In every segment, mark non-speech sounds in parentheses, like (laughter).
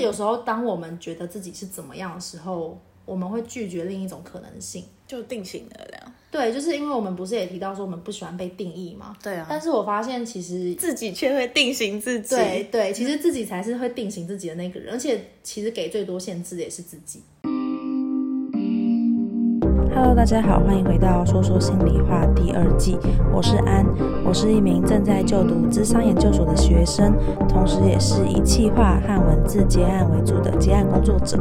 有時候，當我們覺得自己是怎麼樣的時候，我們會拒絕另一種可能性，就定型了。對，就是因為我們不是也提到說我們不喜歡被定義嘛？對啊。但是我發現其實自己卻會定型自己。對對，其實自己才是會定型自己的那個人， (laughs) 而且其實給最多限制的也是自己。Hello，大家好，歡迎回到《說說心理話》第二季，我是安，我是一名正在就讀諮商研究所的學生，同時也是以企劃和文字接案為主的接案工作者。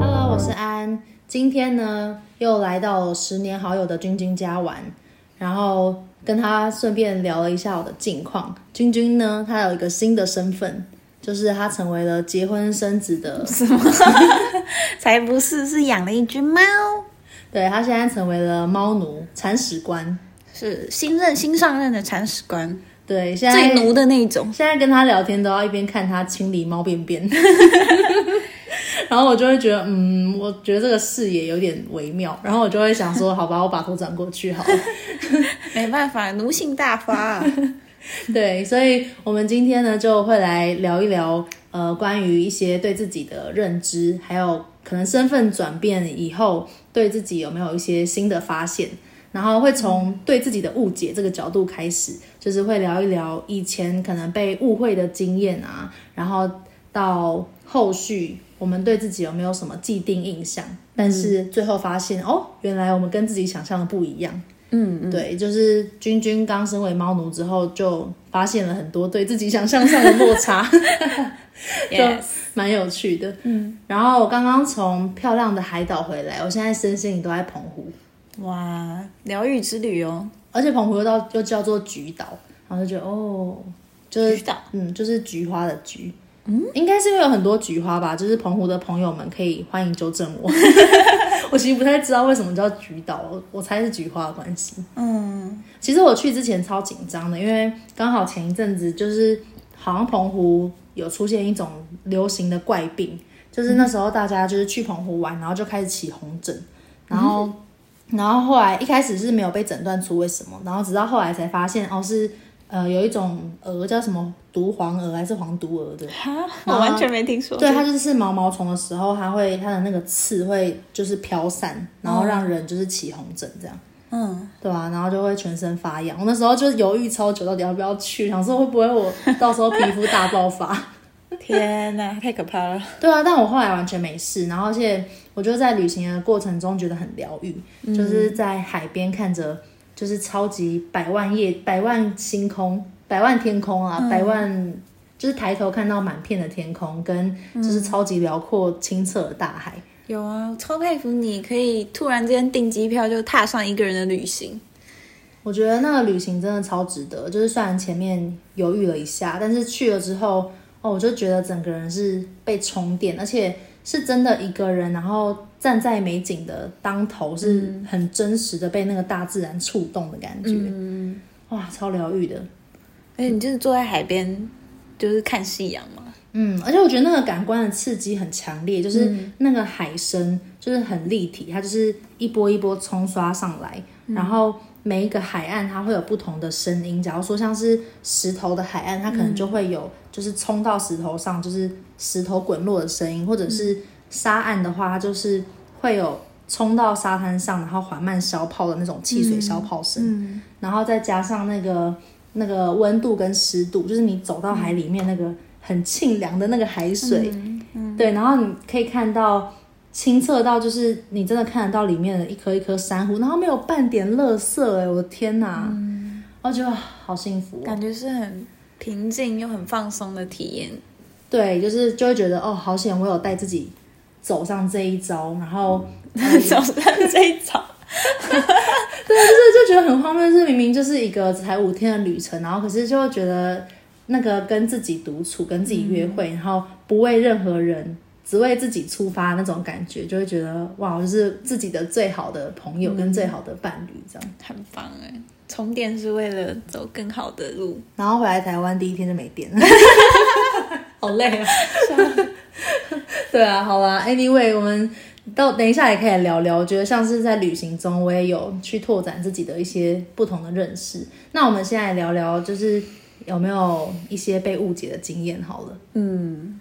Hello，我是安，今天呢又來到十年好友的君君家玩，然後跟他順便聊了一下我的近況。君君呢，他有一個新的身份。就是他成為了結婚生子的什麼嗎？ (laughs) 才不是，是養了一隻貓。對，他現在成為了貓奴、鏟屎官，是新任新上任的鏟屎官。對，現在最奴的那種。現在跟他聊天都要一邊看他清理貓便便， (laughs) 然後我就會覺得，嗯，我覺得這個視野有點微妙。然後我就會想說，好吧，我把頭轉過去好了。 (laughs) 沒辦法，奴性大發。對，所以我們今天呢就會來聊一聊，呃，關於一些對自己的認知，還有可能身份轉變以後對自己有沒有一些新的發現，然後會從對自己的誤解這個角度開始，就是會聊一聊以前可能被誤會的經驗啊，然後到後續我們對自己有沒有什麼既定印象，但是最後發現哦，原來我們跟自己想象的不一樣。嗯，嗯，對，就是君君剛身為貓奴之後，就發現了很多對自己想象上的落差， (laughs) (laughs) 就蠻 Yes. 有趣的。嗯，然後我剛剛從漂亮的海島回來，我現在身心都在澎湖。哇，療癒之旅哦！而且澎湖又叫又叫做菊島，然後就覺得哦，就是菊島，島嗯，就是菊花的菊。嗯，應該是會有很多菊花吧，就是澎湖的朋友們可以歡迎糾正我。 (laughs) 我其實不太知道為什麼叫菊島，我猜是菊花的關係。嗯，其實我去之前超緊張的，因為剛好前一陣子就是好像澎湖有出現一種流行的怪病，就是那時候大家就是去澎湖玩，然後就開始起紅疹，然後然後後來一開始是沒有被診斷出為什麼，然後直到後來才發現哦是。呃，有一種蛾叫什麼毒黃蛾還是黃毒蛾的？啊、我完全沒聽說。對，它就是毛毛蟲的時候，它會它的那個刺會就是飄散，然後讓人就是起紅疹這樣。嗯，對吧、啊？然後就會全身發癢。我那時候就猶豫超久，到底要不要去，想說會不會我到時候皮膚大爆發？ (laughs) 天哪、啊，太可怕了。對啊，但我後來完全沒事。然後而且我就在旅行的過程中覺得很療癒，嗯、就是在海邊看着。就是超級百萬夜，百萬星空，百萬天空啊！嗯、百萬就是抬頭看到滿片的天空，跟就是超級遼闊、清澈的大海。有啊，超佩服你，可以突然間訂機票就踏上一個人的旅行。我覺得那個旅行真的超值得，就是雖然前面猶豫了一下，但是去了之後，哦，我就覺得整個人是被充電，而且。是真的一個人，然後站在美景的當頭，是很真實的被那個大自然觸動的感覺，嗯、哇，超療癒的。而且、欸、你就是坐在海邊，就是看夕陽嘛。嗯，而且我覺得那個感官的刺激很強烈，就是那個海聲就是很立體，它就是一波一波沖刷上來，然後。每一個海岸它會有不同的聲音，假如說像是石頭的海岸，它可能就會有就是衝到石頭上，嗯、就是石頭滾落的聲音；或者是沙岸的話，它就是會有衝到沙灘上，然後緩慢消泡的那種汽水消泡聲。嗯嗯、然後再加上那個那個溫度跟濕度，就是你走到海裡面那個很沁涼的那個海水，嗯嗯、對，然後你可以看到。清澈到就是你真的看得到裡面的一顆一顆珊瑚，然後沒有半點垃圾，哎、欸，我的天哪，然後、嗯、就好幸福，感覺是很平靜又很放鬆的體驗。對，就是就會覺得哦，好險我有帶自己走上這一遭，然後走上這一遭， (laughs) (laughs) 對，就是就覺得很荒謬，是明明就是一個才五天的旅程，然後可是就會覺得那個跟自己獨處、跟自己約會，嗯、然後不為任何人，只為自己出發那種感覺，就會覺得哇，我是自己的最好的朋友跟最好的伴侶，這樣、嗯、很棒誒，充電是為了走更好的路，然後回來台灣第一天就沒電了， (laughs) 好累啊！ (laughs) (laughs) 對啊，好啦。Anyway，我們到等一下也可以聊聊，我覺得像是在旅行中，我也有去拓展自己的一些不同的認識。那我們現在來聊聊，就是有沒有一些被誤解的經驗？好了，嗯。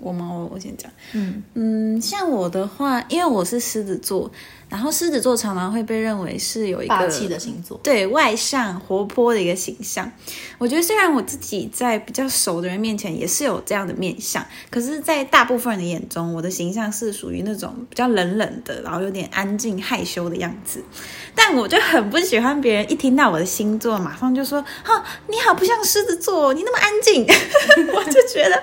我嗎？我我先講。嗯嗯，像我的話，因為我是獅子座。然後獅子座常常會被認為是有一個霸氣的星座，對外向、活潑的一個形象。我覺得雖然我自己在比較熟的人面前也是有這樣的面相，可是，在大部分人的眼中，我的形象是屬於那種比較冷冷的，然後有點安靜、害羞的樣子。但我就很不喜歡別人一聽到我的星座，馬上就說：“哈，你好不像獅子座，你那麼安靜。 (laughs) ”我就覺得，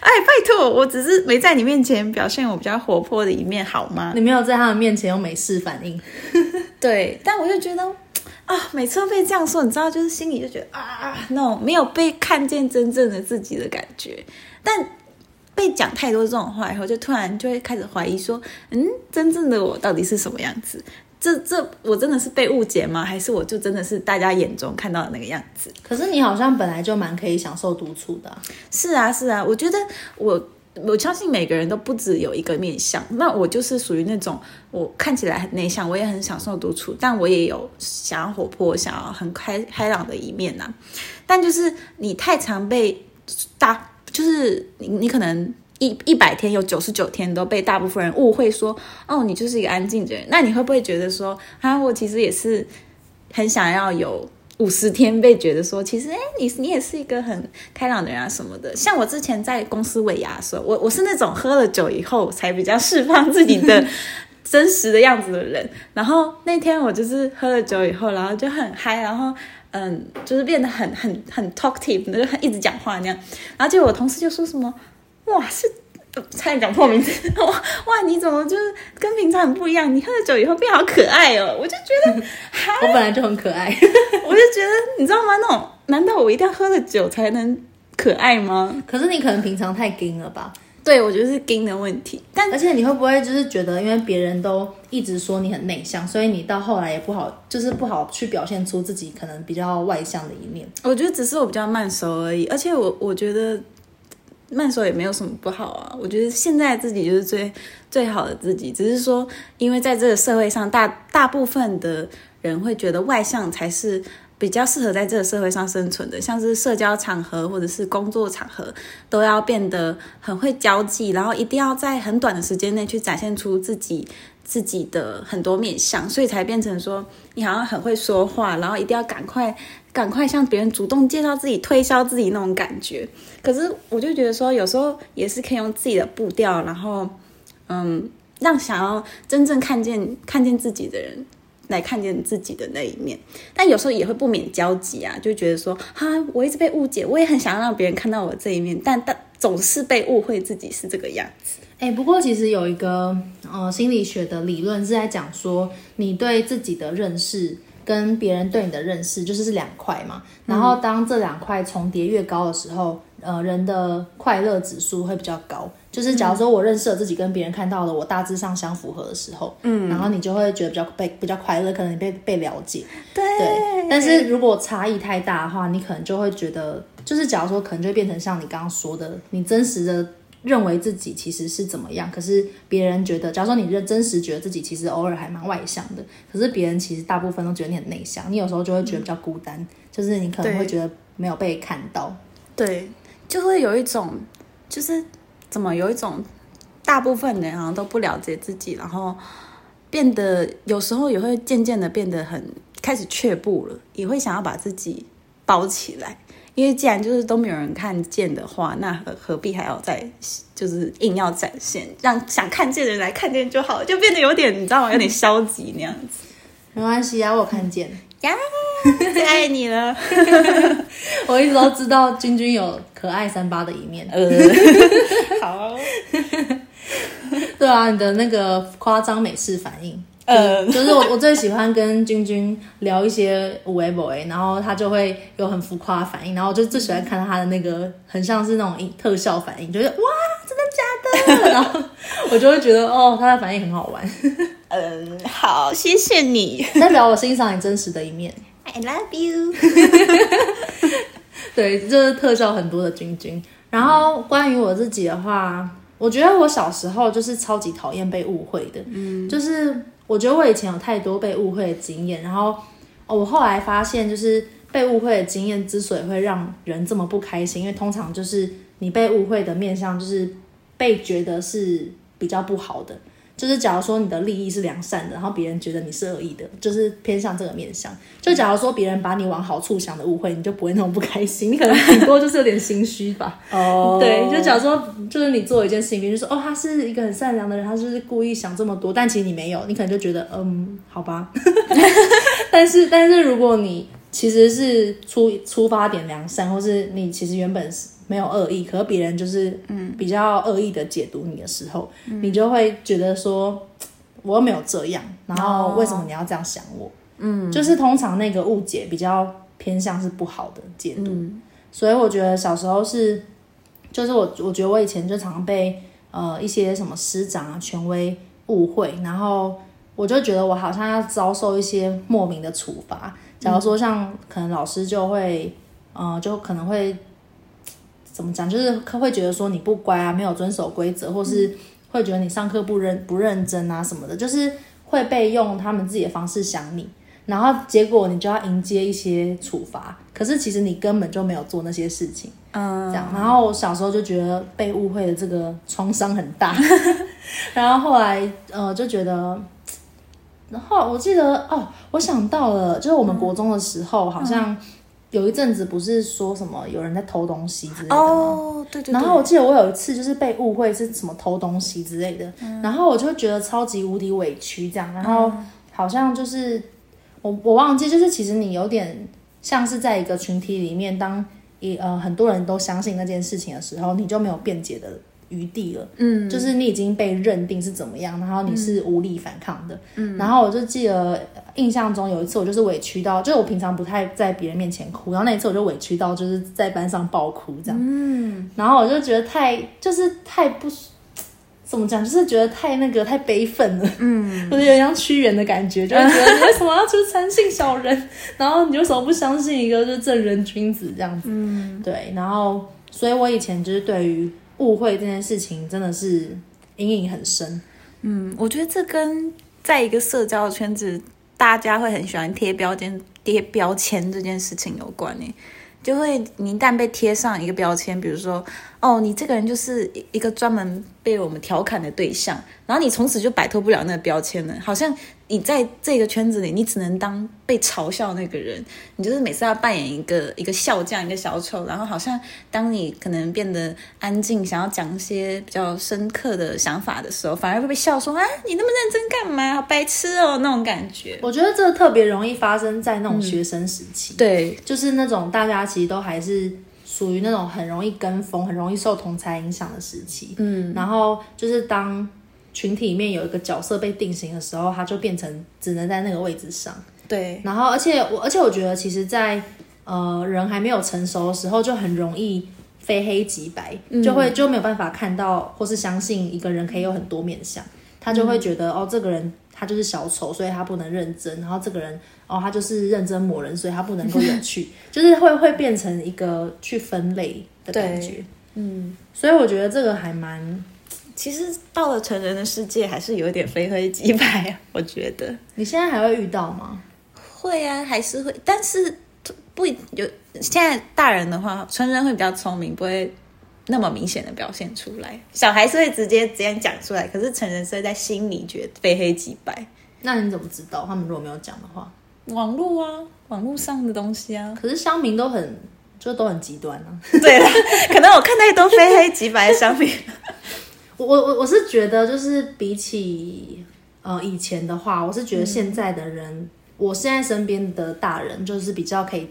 哎，拜託，我只是沒在你面前表現我比較活潑的一面，好嗎？你沒有在他們面前有美是反應， (laughs) 對，但我就覺得啊、哦，每次都被這樣說，你知道，就是心裡就覺得啊，那種沒有被看見真正的自己的感覺。但被講太多這種話以後，就突然就會開始懷疑說，嗯，真正的我到底是什麼樣子？這這，我真的是被誤解嗎？還是我就真的是大家眼中看到的那個樣子？可是你好像本來就蠻可以享受獨處的、啊。是啊，是啊，我覺得我。我相信每個人都不止有一個面相。那我就是屬於那種我看起來很內向，我也很享受獨處，但我也有想要活潑、想要很開開朗的一面吶、啊。但就是你太常被大，就是你你可能一一百天有九十九天都被大部分人誤會說，哦，你就是一個安靜的人。那你會不會覺得說，啊，我其實也是很想要有。五十天被覺得說，其實哎、欸，你你也是一個很開朗的人啊，什麼的。像我之前在公司尾牙的時候，我我是那種喝了酒以後才比較釋放自己的真實的樣子的人。 (laughs) 然後那天我就是喝了酒以後，然後就很嗨，然後嗯，就是變得很很很 talkative，那就一直講話那樣。然後就我同事就說什麼，哇是。差點講錯名字，哇，你怎麼就是跟平常很不一樣？你喝了酒以後變好可愛哦，我就覺得， (laughs) 我本來就很可愛， (laughs) 我就覺得，你知道嗎？那種難道我一定要喝了酒才能可愛嗎？可是你可能平常太硬了吧？對，我覺得是硬的問題。但而且你會不會就是覺得，因為別人都一直說你很內向，所以你到後來也不好，就是不好去表現出自己可能比較外向的一面？我覺得只是我比較慢熟而已，而且我我覺得。慢說也沒有什麼不好啊，我覺得現在自己就是最最好的自己，只是說，因為在這個社會上，大大部分的人會覺得外向才是比較適合在這個社會上生存的，像是社交場合或者是工作場合，都要變得很會交際，然後一定要在很短的時間內去展現出自己自己的很多面向，所以才變成說你好像很會說話，然後一定要趕快。趕快向別人主動介紹自己、推銷自己那種感覺，可是我就覺得說，有時候也是可以用自己的步調，然後嗯，讓想要真正看見、看見自己的人來看見自己的那一面。但有時候也會不免焦急啊，就覺得說，哈，我一直被誤解，我也很想要讓別人看到我這一面，但但總是被誤會，自己是這個樣子。哎、欸，不過其實有一個呃心理學的理論是在講說，你對自己的認識。跟別人對你的認識，就是是兩塊嘛。然後當這兩塊重疊越高的時候，嗯、呃，人的快樂指數會比較高。就是假如說我認識了自己，跟別人看到的我大致上相符合的時候，嗯，然後你就會覺得比較被比較快樂，可能你被被了解。對。對。但是如果差異太大的話，你可能就會覺得，就是假如說可能就會變成像你剛剛說的，你真實的。認為自己其實是怎麼樣，可是別人覺得，假如說你認真時覺得自己其實偶爾還蠻外向的，可是別人其實大部分都覺得你很內向，你有時候就會覺得比較孤單，嗯、就是你可能會覺得沒有被看到，對，對，就會有一種就是怎麼有一種大部分人好像都不了解自己，然後變得有時候也會漸漸的變得很開始卻步了，也會想要把自己包起來。因為既然就是都沒有人看見的話，那何，何必還要再就是硬要展現，讓想看見的人來看見就好了，就變得有點你知道嗎？有點消極那樣子。沒關係啊，我看見呀， (laughs) 最愛你了。 (laughs) (laughs) 我一直都知道 (laughs) 君君有可愛三八的一面。呃，好。對啊，你的那個誇張美式反應。呃、嗯，就是我我最喜歡跟君君聊一些有的沒的，然後他就會有很浮誇的反應，然後我就最喜歡看到他的那個很像是那種特效反應，就是哇，真的假的？然後我就會覺得哦，他的反應很好玩。嗯，好，謝謝你，代表我欣賞你真實的一面。I love you。 (laughs) 對，就是特效很多的君君。然後關於我自己的話，我覺得我小時候就是超級討厭被誤會的，嗯，就是。我覺得我以前有太多被誤會的經驗，然後，哦，我後來發現，就是被誤會的經驗之所以會讓人這麼不開心，因為通常就是你被誤會的面向，就是被覺得是比較不好的。就是假如說你的立意是良善的，然後別人覺得你是惡意的，就是偏向這個面向。就假如說別人把你往好處想的誤會，你就不會那麼不開心，你可能頂多就是有點心虛吧。哦， (laughs) oh, 對，就假如說，就是你做一件事情，比如說哦，他是一個很善良的人，他就是，是故意想這麼多，但其實你沒有，你可能就覺得嗯，好吧。 (laughs) (laughs) 但是，但是如果你其實是出出發點良善，或是你其實原本是。沒有惡意，可是別人就是嗯比較惡意的解讀你的時候，嗯、你就會覺得說，我又沒有這樣，然後為什麼你要這樣想我？哦、嗯，就是通常那個誤解比較偏向是不好的解讀，嗯、所以我覺得小時候是，就是我我覺得我以前就常被呃一些什麼師長啊權威誤會，然後我就覺得我好像要遭受一些莫名的處罰。假如說像可能老師就會、嗯、呃就可能會。怎麼講？就是會覺得說你不乖啊，沒有遵守規則，或是會覺得你上課不認不認真啊什麼的，就是會被用他們自己的方式想你，然後結果你就要迎接一些處罰。可是其實你根本就沒有做那些事情，嗯，這樣。然後我小時候就覺得被誤會的這個創傷很大，嗯、 (laughs) 然後後來呃就覺得，然後我記得哦，我想到了，就是我們國中的時候、嗯、好像。有一陣子不是說什麼有人在偷東西之類的嗎？oh, 對對對，然後我記得我有一次就是被誤會是什麼偷東西之類的，嗯，然後我就覺得超級無敵委屈這樣。然後好像就是我我忘記，就是其實你有點像是在一個群體裡面當，當一呃很多人都相信那件事情的時候，你就沒有辯解的餘地了，嗯，就是你已經被認定是怎麼樣，然後你是無力反抗的，嗯，然後我就記得印象中有一次，我就是委屈到，就是我平常不太在別人面前哭，然後那一次我就委屈到就是在班上爆哭這樣，嗯，然後我就覺得太就是太不怎麼講，就是覺得太那個太悲憤了，嗯，我就有點像屈原的感覺，就覺得你為什麼要去相信小人，嗯，然後你為什麼不相信一個就是正人君子這樣子，嗯，對，然後所以我以前就是對於。誤會這件事情真的是陰影很深。嗯，我覺得這跟在一個社交圈子，大家會很喜歡貼標籤、貼標籤這件事情有關。哎，就會你一旦被貼上一個標籤，比如說哦，你這個人就是一個專門被我們調侃的對象，然後你從此就擺脫不了那個標籤了，好像。你在這個圈子裡，你只能當被嘲笑那個人。你就是每次要扮演一個一個笑匠、一個小丑，然後好像當你可能變得安靜，想要講一些比較深刻的想法的時候，反而會被笑說：“啊，你那麼認真幹嘛？好白痴哦、喔！”那種感覺。我覺得這特別容易發生在那種學生時期。嗯、對，就是那種大家其實都還是屬於那種很容易跟風、很容易受同儕影響的時期。嗯，然後就是當。群體裡面有一個角色被定型的時候，他就變成只能在那個位置上。對。然後，而且我，而且我覺得，其實在，在呃人還沒有成熟的時候，就很容易非黑即白，嗯、就會就沒有辦法看到或是相信一個人可以有很多面相。他就會覺得，嗯、哦，這個人他就是小丑，所以他不能認真。然後這個人，哦，他就是認真魔人，所以他不能夠有趣。 (laughs) 就是會會變成一個去分類的感覺。嗯，所以我覺得這個還蠻。其實到了成人的世界，還是有點非黑即白。我覺得。你現在還會遇到嗎？會啊，還是會。但是不有現在大人的話，成人會比較聰明，不會那麼明顯的表現出來。小孩是會直接直接講出來，可是成人是會在心裡覺得非黑即白。那你怎麼知道他們如果沒有講的話？網絡啊，網絡上的東西啊。可是鄉民都很，就都很極端啊。 (laughs) 對了，可能我看那些都非黑即白的鄉民。 (laughs) 我我我我是覺得，就是比起呃以前的話，我是覺得現在的人，嗯、我現在身邊的大人就是比較可以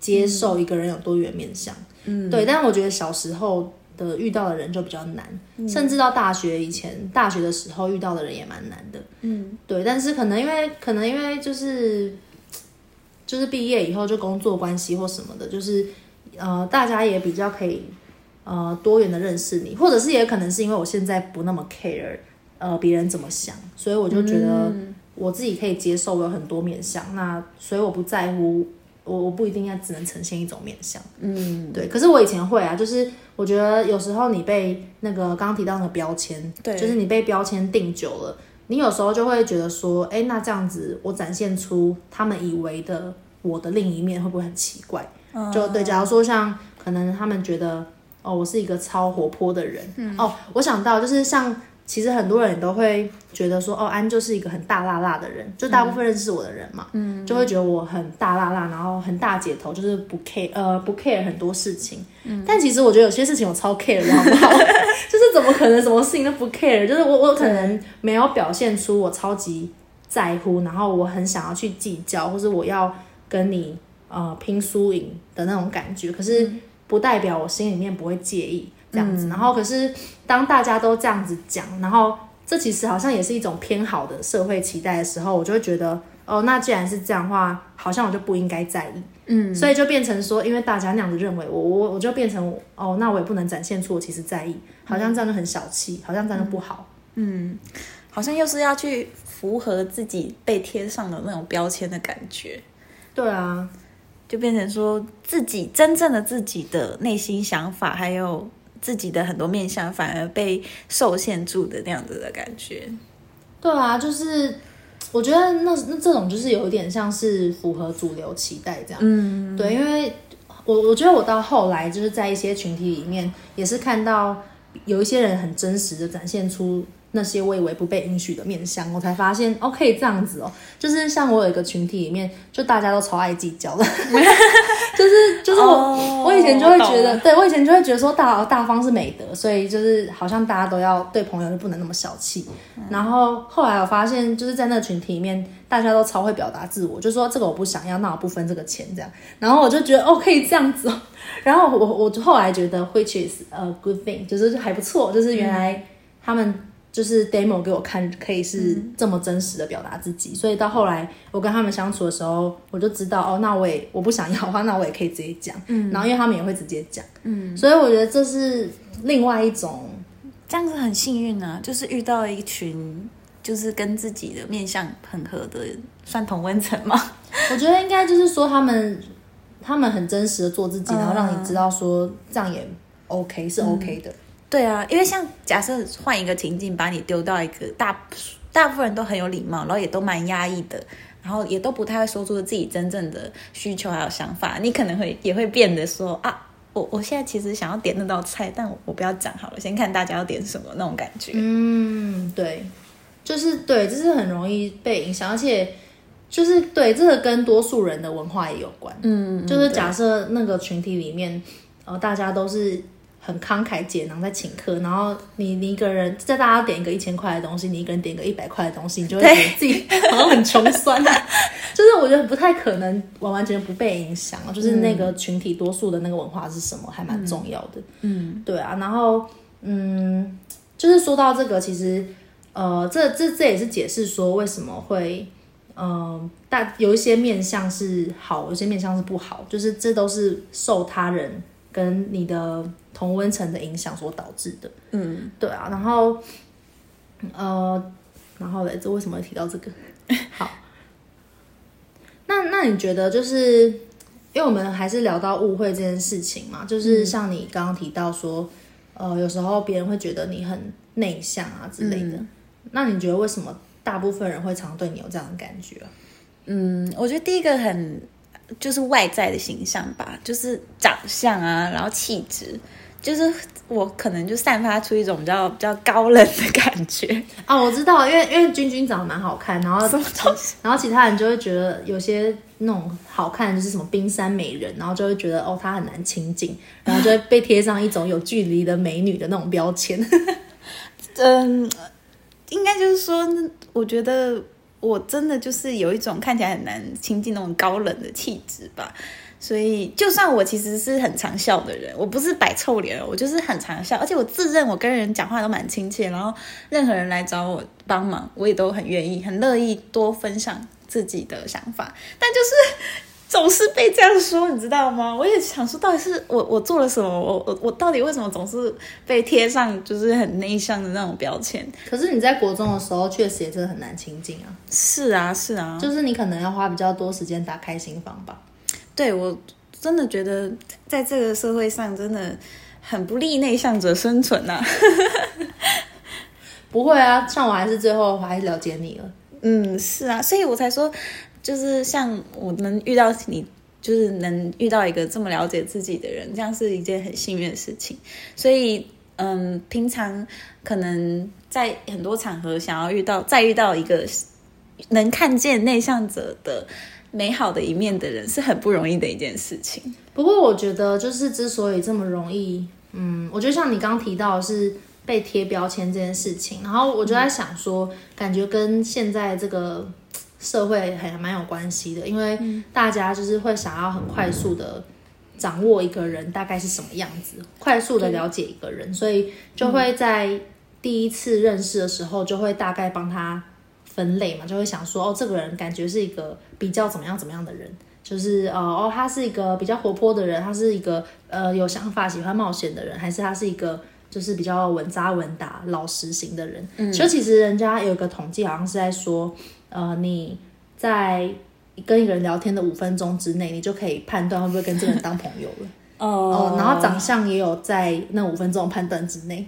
接受一個人有多元面相，嗯，對。但我覺得小時候的遇到的人就比較難，嗯、甚至到大學以前，大學的時候遇到的人也蠻難的，嗯，對。但是可能因為可能因為就是就是畢業以後就工作關係或什麼的，就是呃大家也比較可以。呃，多元的認識你，或者是也可能是因為我現在不那麼 care，呃，別人怎麼想，所以我就覺得我自己可以接受我有很多面向，嗯、那所以我不在乎，我我不一定要只能呈現一種面向，嗯，對。可是我以前會啊，就是我覺得有時候你被那個剛剛提到那個標籤，對，就是你被標籤定久了，你有時候就會覺得說，哎、欸，那這樣子我展現出他們以為的我的另一面會不會很奇怪？嗯、就對，假如說像可能他們覺得。哦，我是一個超活潑的人。嗯、哦，我想到就是像，其實很多人都會覺得說，哦，安就是一個很大辣辣的人，就大部分認識我的人嘛，嗯、就會覺得我很大辣辣，然後很大姐頭，就是不 care 呃不 care 很多事情。嗯。但其實我覺得有些事情我超 care，然後、嗯、 (laughs) 就是怎麼可能什麼事情都不 care？就是我我可能沒有表現出我超級在乎，嗯、然後我很想要去計較，或是我要跟你呃拼輸贏的那種感覺。可是。嗯不代表我心裡面不會介意這樣子，嗯、然後可是當大家都這樣子講，嗯、然後這其實好像也是一種偏好的社會期待的時候，我就會覺得哦，那既然是這樣的話，好像我就不應該在意，嗯，所以就變成說，因為大家那樣子認為我，我我就變成哦，那我也不能展現出我其實在意，嗯、好像這樣就很小氣，好像這樣就不好，嗯，嗯，好像又是要去符合自己被貼上的那種標籤的感覺，對啊。就變成說自己真正的自己的內心想法，還有自己的很多面相，反而被受限住的那樣子的感覺。對啊，就是我覺得那那這種就是有點像是符合主流期待這樣。嗯，對，因為我我覺得我到後來就是在一些群體裡面，也是看到有一些人很真實的展現出。那些我以為不被允許的面向，我才發現哦，可以這樣子哦，就是像我有一個群體裡面，就大家都超愛計較的， (laughs) (laughs) 就是就是我、oh, 我以前就會覺得，don 對我以前就會覺得說大大方是美德，所以就是好像大家都要對朋友就不能那麼小氣。Mm. 然後後來我發現就是在那個群體裡面，大家都超會表達自我，就說這個我不想要，那我不分這個錢這樣。然後我就覺得哦，可以這樣子哦。然後我我後來覺得 which is a good thing，就是還不錯，就是原來他們。Mm. 就是 demo 給我看，可以是這麼真實的表達自己，嗯、所以到後來我跟他們相處的時候，我就知道哦，那我也我不想要的話，那我也可以直接講。嗯，然後因為他們也會直接講，嗯，所以我覺得這是另外一種，這樣子很幸運啊，就是遇到一群就是跟自己的面相很合的，算同溫層嗎？我覺得應該就是說他們他們很真實的做自己，嗯、然後讓你知道說這樣也 OK 是 OK 的。嗯對啊，因為像假設換一個情境，把你丟到一個大大，大部分人都很有禮貌，然後也都蠻壓抑的，然後也都不太會說出自己真正的需求還有想法，你可能會也會變得說啊，我我現在其實想要點那道菜，但我，我不要講好了，先看大家要點什麼那種感覺。嗯，對，就是對，這是很容易被影響，而且就是對，這個跟多數人的文化也有關。嗯，嗯，就是假設那個群體裡面，呃，大家都是。很慷慨解囊，在請客，然後你你一個人在大家點一個一千塊的東西，你一個人點一個一百塊的東西，你就會覺得自己好像很窮酸、啊。對 (laughs) 就是我覺得不太可能完完全不被影響，就是那個群體多數的那個文化是什麼，嗯、還蠻重要的。嗯，對啊，然後嗯，就是說到這個，其實呃，這這這也是解釋說為什麼會嗯、呃，大有一些面向是好，有一些面向是不好，就是這都是受他人。跟你的同溫層的影響所導致的，嗯，對啊，然後，呃，然後來這為什麼提到這個？好，那那你覺得就是，因為我們還是聊到誤會這件事情嘛，就是像你剛剛提到說，嗯、呃，有時候別人會覺得你很內向啊之類的，嗯、那你覺得為什麼大部分人會常對你有這樣的感覺、啊？嗯，我覺得第一個很。就是外在的形象吧，就是長相啊，然後氣質，就是我可能就散發出一種比較比較高冷的感覺。哦，我知道，因為因為君君長得蠻好看，然後然後其他人就會覺得有些那種好看就是什麼冰山美人，然後就會覺得哦她很難親近，然後就會被貼上一種有距離的美女的那種標籤。 (laughs) 嗯，應該就是說，我覺得。我真的就是有一種看起來很難親近那種高冷的氣質吧，所以就算我其實是很常笑的人，我不是擺臭臉，我就是很常笑，而且我自認我跟人講話都蠻親切，然後任何人來找我幫忙，我也都很願意、很樂意多分享自己的想法，但就是。總是被這樣說，你知道嗎？我也想說，到底是我我做了什麼？我我我到底為什麼總是被貼上就是很內向的那種標籤？可是你在國中的時候，嗯、確實也真的很難親近啊。是啊，是啊，就是你可能要花比較多時間打開心房吧。對，我真的覺得，在這個社會上，真的很不利內向者生存啊。 (laughs) 不會啊，算我還是最後我還是了解你了。嗯，是啊，所以我才說。就是像我能遇到你，就是能遇到一個這麼了解自己的人，這樣是一件很幸運的事情。所以，嗯，平常可能在很多場合想要遇到再遇到一個能看見內向者的美好的一面的人，是很不容易的一件事情。不過，我覺得就是之所以這麼容易，嗯，我覺得像你剛提到是被貼標籤這件事情，然後我就在想說，感覺跟現在這個。社會還蠻有關係的，因為大家就是會想要很快速的掌握一個人大概是什麼樣子，嗯、快速的了解一個人，對所以就會在第一次認識的時候、嗯、就會大概幫他分類嘛，就會想說哦，這個人感覺是一個比較怎麼樣怎麼樣的人，就是哦、呃，哦，他是一個比較活潑的人，他是一個呃有想法、喜歡冒險的人，還是他是一個就是比較穩紮穩打、老實型的人？嗯，所以其實人家有一個統計，好像是在說。呃，你在跟一個人聊天的五分鐘之內，你就可以判斷會不會跟這個人當朋友了。 (laughs) 哦、呃，然後長相也有在那五分鐘判斷之內。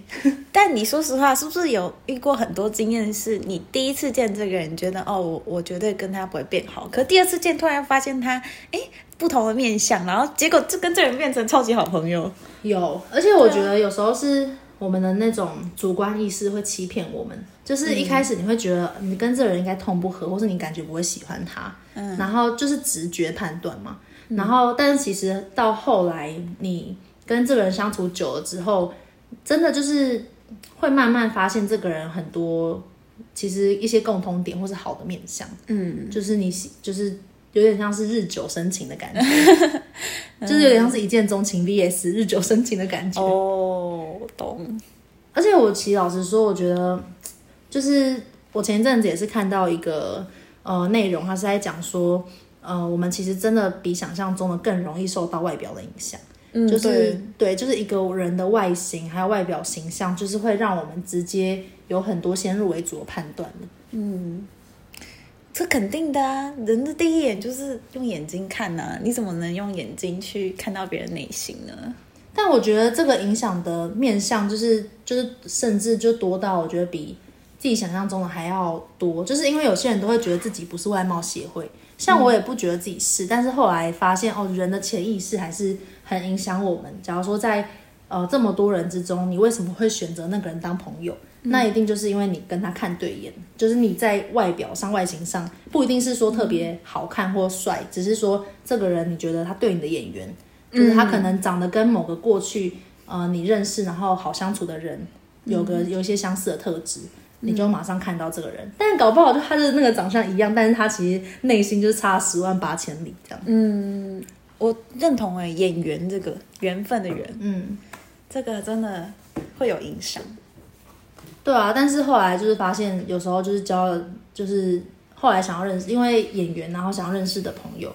但你說實話，是不是有遇過很多經驗，是你第一次見這個人，覺得哦我，我絕對跟他不會變好，可第二次見，突然發現他，哎、欸，不同的面相，然後結果就跟這個人變成超級好朋友。有，而且我覺得有時候是我們的那種主觀意識會欺騙我們。就是一開始你會覺得你跟這個人應該痛不合，嗯、或是你感覺不會喜歡他，嗯、然後就是直覺判斷嘛。嗯、然後，但是其實到後來，你跟這個人相處久了之後，真的就是會慢慢發現這個人很多其實一些共通點或是好的面向。嗯，就是你就是有點像是日久生情的感覺，嗯、就是有點像是一見鍾情 VS 日久生情的感覺。哦、嗯，懂。而且我其實老實說，我覺得。就是我前一陣子也是看到一個呃內容，它是在講說，呃，我們其實真的比想象中的更容易受到外表的影響。嗯，就是對，對，就是一個人的外形還有外表形象，就是會讓我們直接有很多先入為主的判斷的。嗯，這肯定的，啊。人的第一眼就是用眼睛看吶，啊，你怎麼能用眼睛去看到別人內心呢？但我覺得這個影響的面向，就是就是甚至就多到我覺得比。比想象中的還要多，就是因為有些人都會覺得自己不是外貌協會，像我也不覺得自己是，嗯、但是後來發現哦，人的潛意識還是很影響我們。假如說在呃這麼多人之中，你為什麼會選擇那個人當朋友？嗯、那一定就是因為你跟他看對眼，就是你在外表上、外形上不一定是說特別好看或帥，只是說這個人你覺得他對你的眼緣，嗯、就是他可能長得跟某個過去呃你認識然後好相處的人有個、嗯、有一些相似的特質。你就馬上看到這個人，嗯、但搞不好就他的那個長相一樣，但是他其實內心就是差十萬八千里這樣。嗯，我認同誒、欸，演員這個緣分的緣，嗯，這個真的會有影響。對啊，但是後來就是發現，有時候就是交，就是後來想要認識，因為演員然後想要認識的朋友，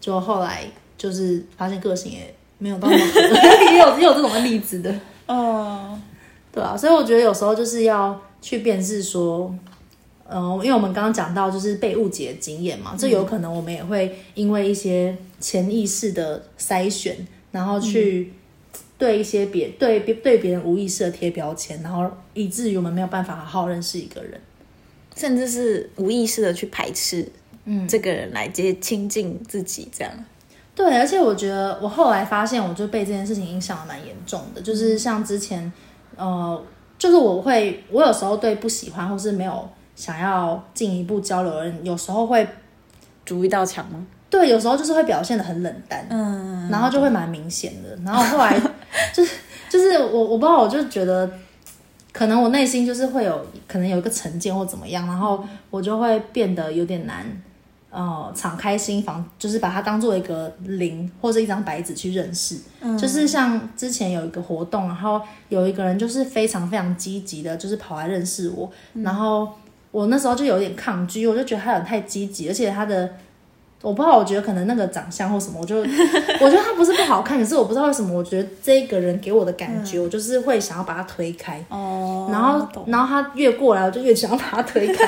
就後來就是發現個性也沒有到， (laughs) 也有也有這種的例子的。哦，oh. 對啊，所以我覺得有時候就是要。去辨是說，嗯、呃，因為我們剛剛講到就是被誤解經驗嘛，這有可能我們也會因為一些潛意識的篩選，然後去對一些別、嗯、對對別人無意識的貼標籤，然後以至於我們沒有辦法好好認識一個人，甚至是無意識的去排斥嗯這個人來接親近自己這樣、嗯。對，而且我覺得我後來發現，我就被這件事情影響的蠻嚴重的，就是像之前呃。就是我會，我有時候對不喜歡或是沒有想要進一步交流的人，有時候會築一道牆嗎？對，有時候就是會表現得很冷淡，嗯，然後就會蠻明顯的。然後後來 (laughs) 就是就是我我不知道，我就覺得可能我內心就是會有可能有一個成見或怎麼樣，然後我就會變得有點難。呃、哦，敞開心房，就是把它當做一個零或者一張白紙去認識。嗯、就是像之前有一個活動，然後有一個人就是非常非常積極的，就是跑來認識我。嗯、然後我那時候就有點抗拒，我就覺得他有點太積極，而且他的。我不知道，我覺得可能那個長相或什麼，我就我覺得他不是不好看，可是我不知道為什麼，我覺得這個人給我的感覺，我就是會想要把他推開。哦。然後，然後他越過來，我就越想要把他推開。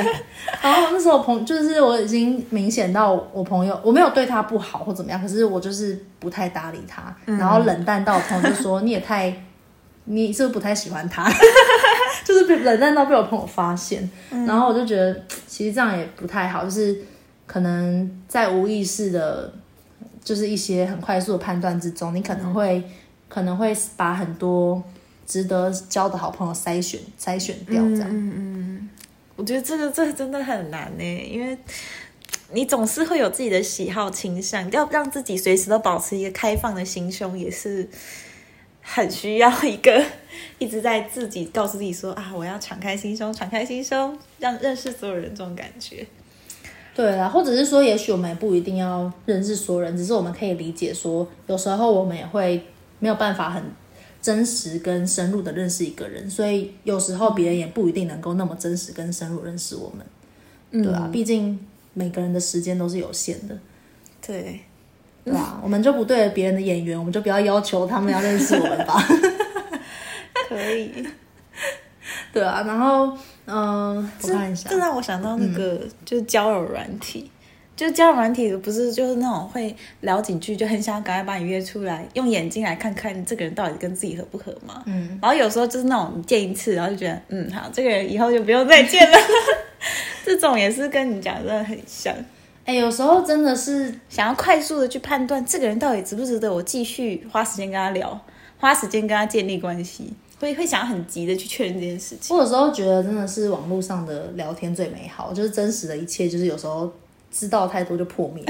然後那時候，朋就是我已經明顯到我朋友，我沒有對他不好或怎麼樣，可是我就是不太搭理他，然後冷淡到朋友就說：“你也太，你是不是不太喜歡他？”就是冷淡到被我朋友發現，然後我就覺得其實這樣也不太好，就是。可能在無意識的，就是一些很快速的判斷之中，你可能會、嗯、可能會把很多值得交的好朋友篩選篩選掉，這樣。嗯嗯，我覺得這個這真的很難呢、欸，因為你總是會有自己的喜好傾向，要讓自己隨時都保持一個開放的心胸，也是很需要一個一直在自己告訴自己說啊，我要敞開心胸，敞開心胸，讓認識所有人這種感覺。對啦、啊，或者是說，也許我們也不一定要認識所有人，只是我們可以理解說，有時候我們也會沒有辦法很真實跟深入的認識一個人，所以有時候別人也不一定能夠那麼真實跟深入認識我們，嗯、對啊，畢竟每個人的時間都是有限的，對，對吧、啊？嗯、我們就不對了別人的演員，我們就不要要求他們要認識我們吧， (laughs) 可以。對啊，然後嗯，這讓我想到那、這個、嗯、就是交友軟體，就交友軟體不是就是那種會聊幾句就很想趕快把你約出來，用眼睛來看看這個人到底跟自己合不合嘛。嗯，然後有時候就是那種見一次，然後就覺得嗯，好，這個人以後就不用再見了。 (laughs) (laughs) 這種也是跟你講的，真的很像，哎、欸，有時候真的是想要快速的去判斷這個人到底值不值得我繼續花時間跟他聊，花時間跟他建立關係。所以會想很急的去確認這件事情。我有時候覺得真的是網絡上的聊天最美好，就是真實的一切，就是有時候知道太多就破滅。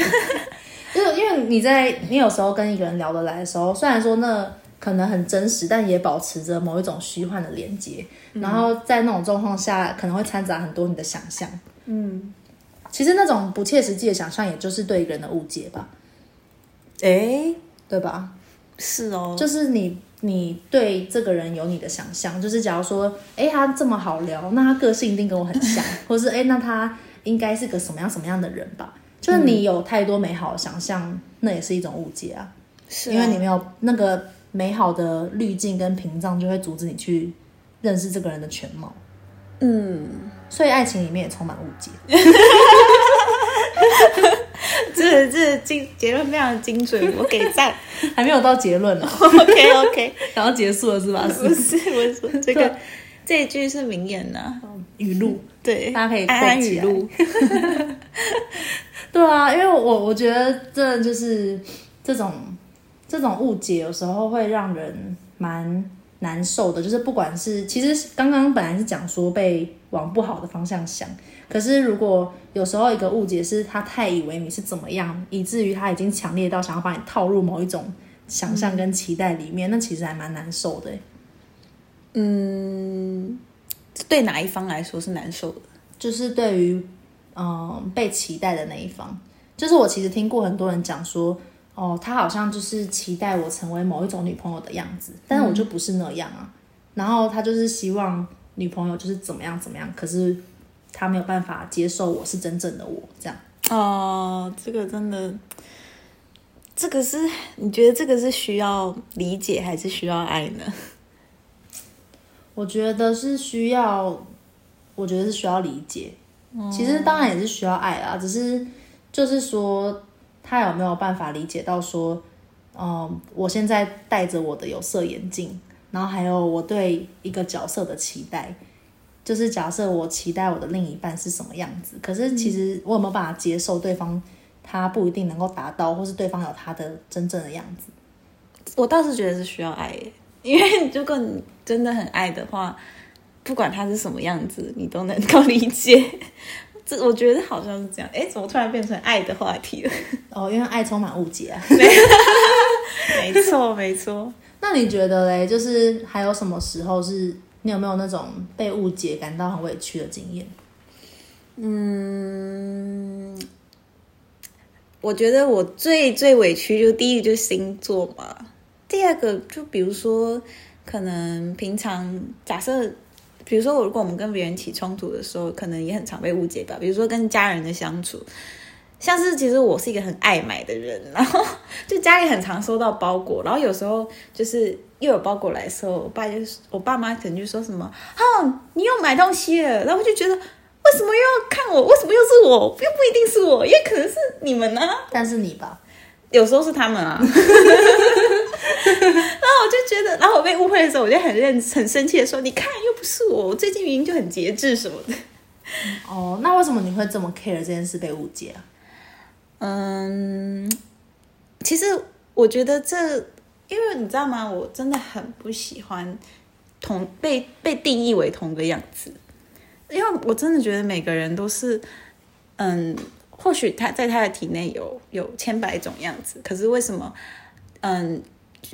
就是 (laughs) 因為你在你有時候跟一個人聊得來的時候，雖然說那可能很真實，但也保持着某一種虛幻的連接。嗯、然後在那種狀況下，可能會摻雜很多你的想象。嗯，其實那種不切實際的想象，也就是對一個人的誤解吧。哎誒，對吧？是哦，就是你。你對這個人有你的想象，就是假如說，哎、欸，他這麼好聊，那他個性一定跟我很像， (laughs) 或是哎、欸，那他應該是個什麼樣什麼樣的人吧？就是你有太多美好的想象，嗯、那也是一種誤解啊，是啊，因為你沒有那個美好的濾鏡跟屏障，就會阻止你去認識這個人的全貌。嗯，所以愛情裡面也充滿誤解。 (laughs) (laughs) 這這結結論非常精準，我給贊。還沒有到結論呢、啊、 (laughs) ，OK OK， (laughs) 然後結束了是吧？是不是，我說 (laughs) 這個 (laughs) 這句是名言呢、啊，語錄錄，對，大家可以起安安語錄。 (laughs) (laughs) 對啊，因為我我覺得這就是這種這種誤解有時候會讓人蠻難受的，就是不管是其實剛剛本來是講說被往不好的方向想。可是，如果有時候一個誤解是他太以為你是怎麼樣，以至於他已經強烈到想要把你套入某一種想象跟期待裡面，嗯、那其實還蠻難受的。嗯，對哪一方來說是難受的？就是對於嗯、呃、被期待的那一方，就是我其實聽過很多人講說，哦、呃，他好像就是期待我成為某一種女朋友的樣子，但是我就不是那樣啊。嗯、然後他就是希望女朋友就是怎麼樣怎麼樣，可是。他沒有辦法接受我是真正的我，這樣哦，這個真的，這個是你覺得這個是需要理解還是需要愛呢？我覺得是需要，我覺得是需要理解。其實當然也是需要愛啊，嗯，只是就是說他有沒有辦法理解到說，嗯，我現在戴着我的有色眼鏡，然後還有我對一個角色的期待。就是假設我期待我的另一半是什麼樣子，可是其實我有沒有辦法接受對方，他不一定能夠達到，或是對方有他的真正的樣子。我倒是覺得是需要愛，因為如果你真的很愛的話，不管他是什麼樣子，你都能夠理解。這我覺得好像是這樣。哎、欸，怎麼突然變成愛的話題了？哦，因為愛充滿誤解啊。 (laughs) 沒錯，沒錯。那你覺得嘞？就是還有什麼時候是？你有沒有那種被誤解、感到很委屈的經驗？嗯，我覺得我最最委屈就第一個就是星座嘛，第二個就比如說，可能平常假設，比如說我如果我們跟別人起衝突的時候，可能也很常被誤解吧。比如說跟家人的相處。像是其實我是一個很愛買的人，然後就家裡很常收到包裹，然後有時候就是又有包裹來的時候，我爸就我爸媽可能就說什麼：“啊、哦？你又買東西了。”然後我就覺得為什麼又要看我？為什麼又是我？又不一定是我，也可能是你們呢、啊？但是你吧，有時候是他們啊。 (laughs) (laughs) 然後我就覺得，然後我被誤會的時候，我就很認很生氣的說：“你看，又不是我，我最近明明就很節制什麼的。”哦，那為什麼你會這麼 care 這件事被誤解啊？嗯，其實我覺得這，因為你知道嗎？我真的很不喜歡同被被定義為同個樣子，因為我真的覺得每個人都是，嗯，或許他在他的體內有有千百種樣子，可是為什麼？嗯，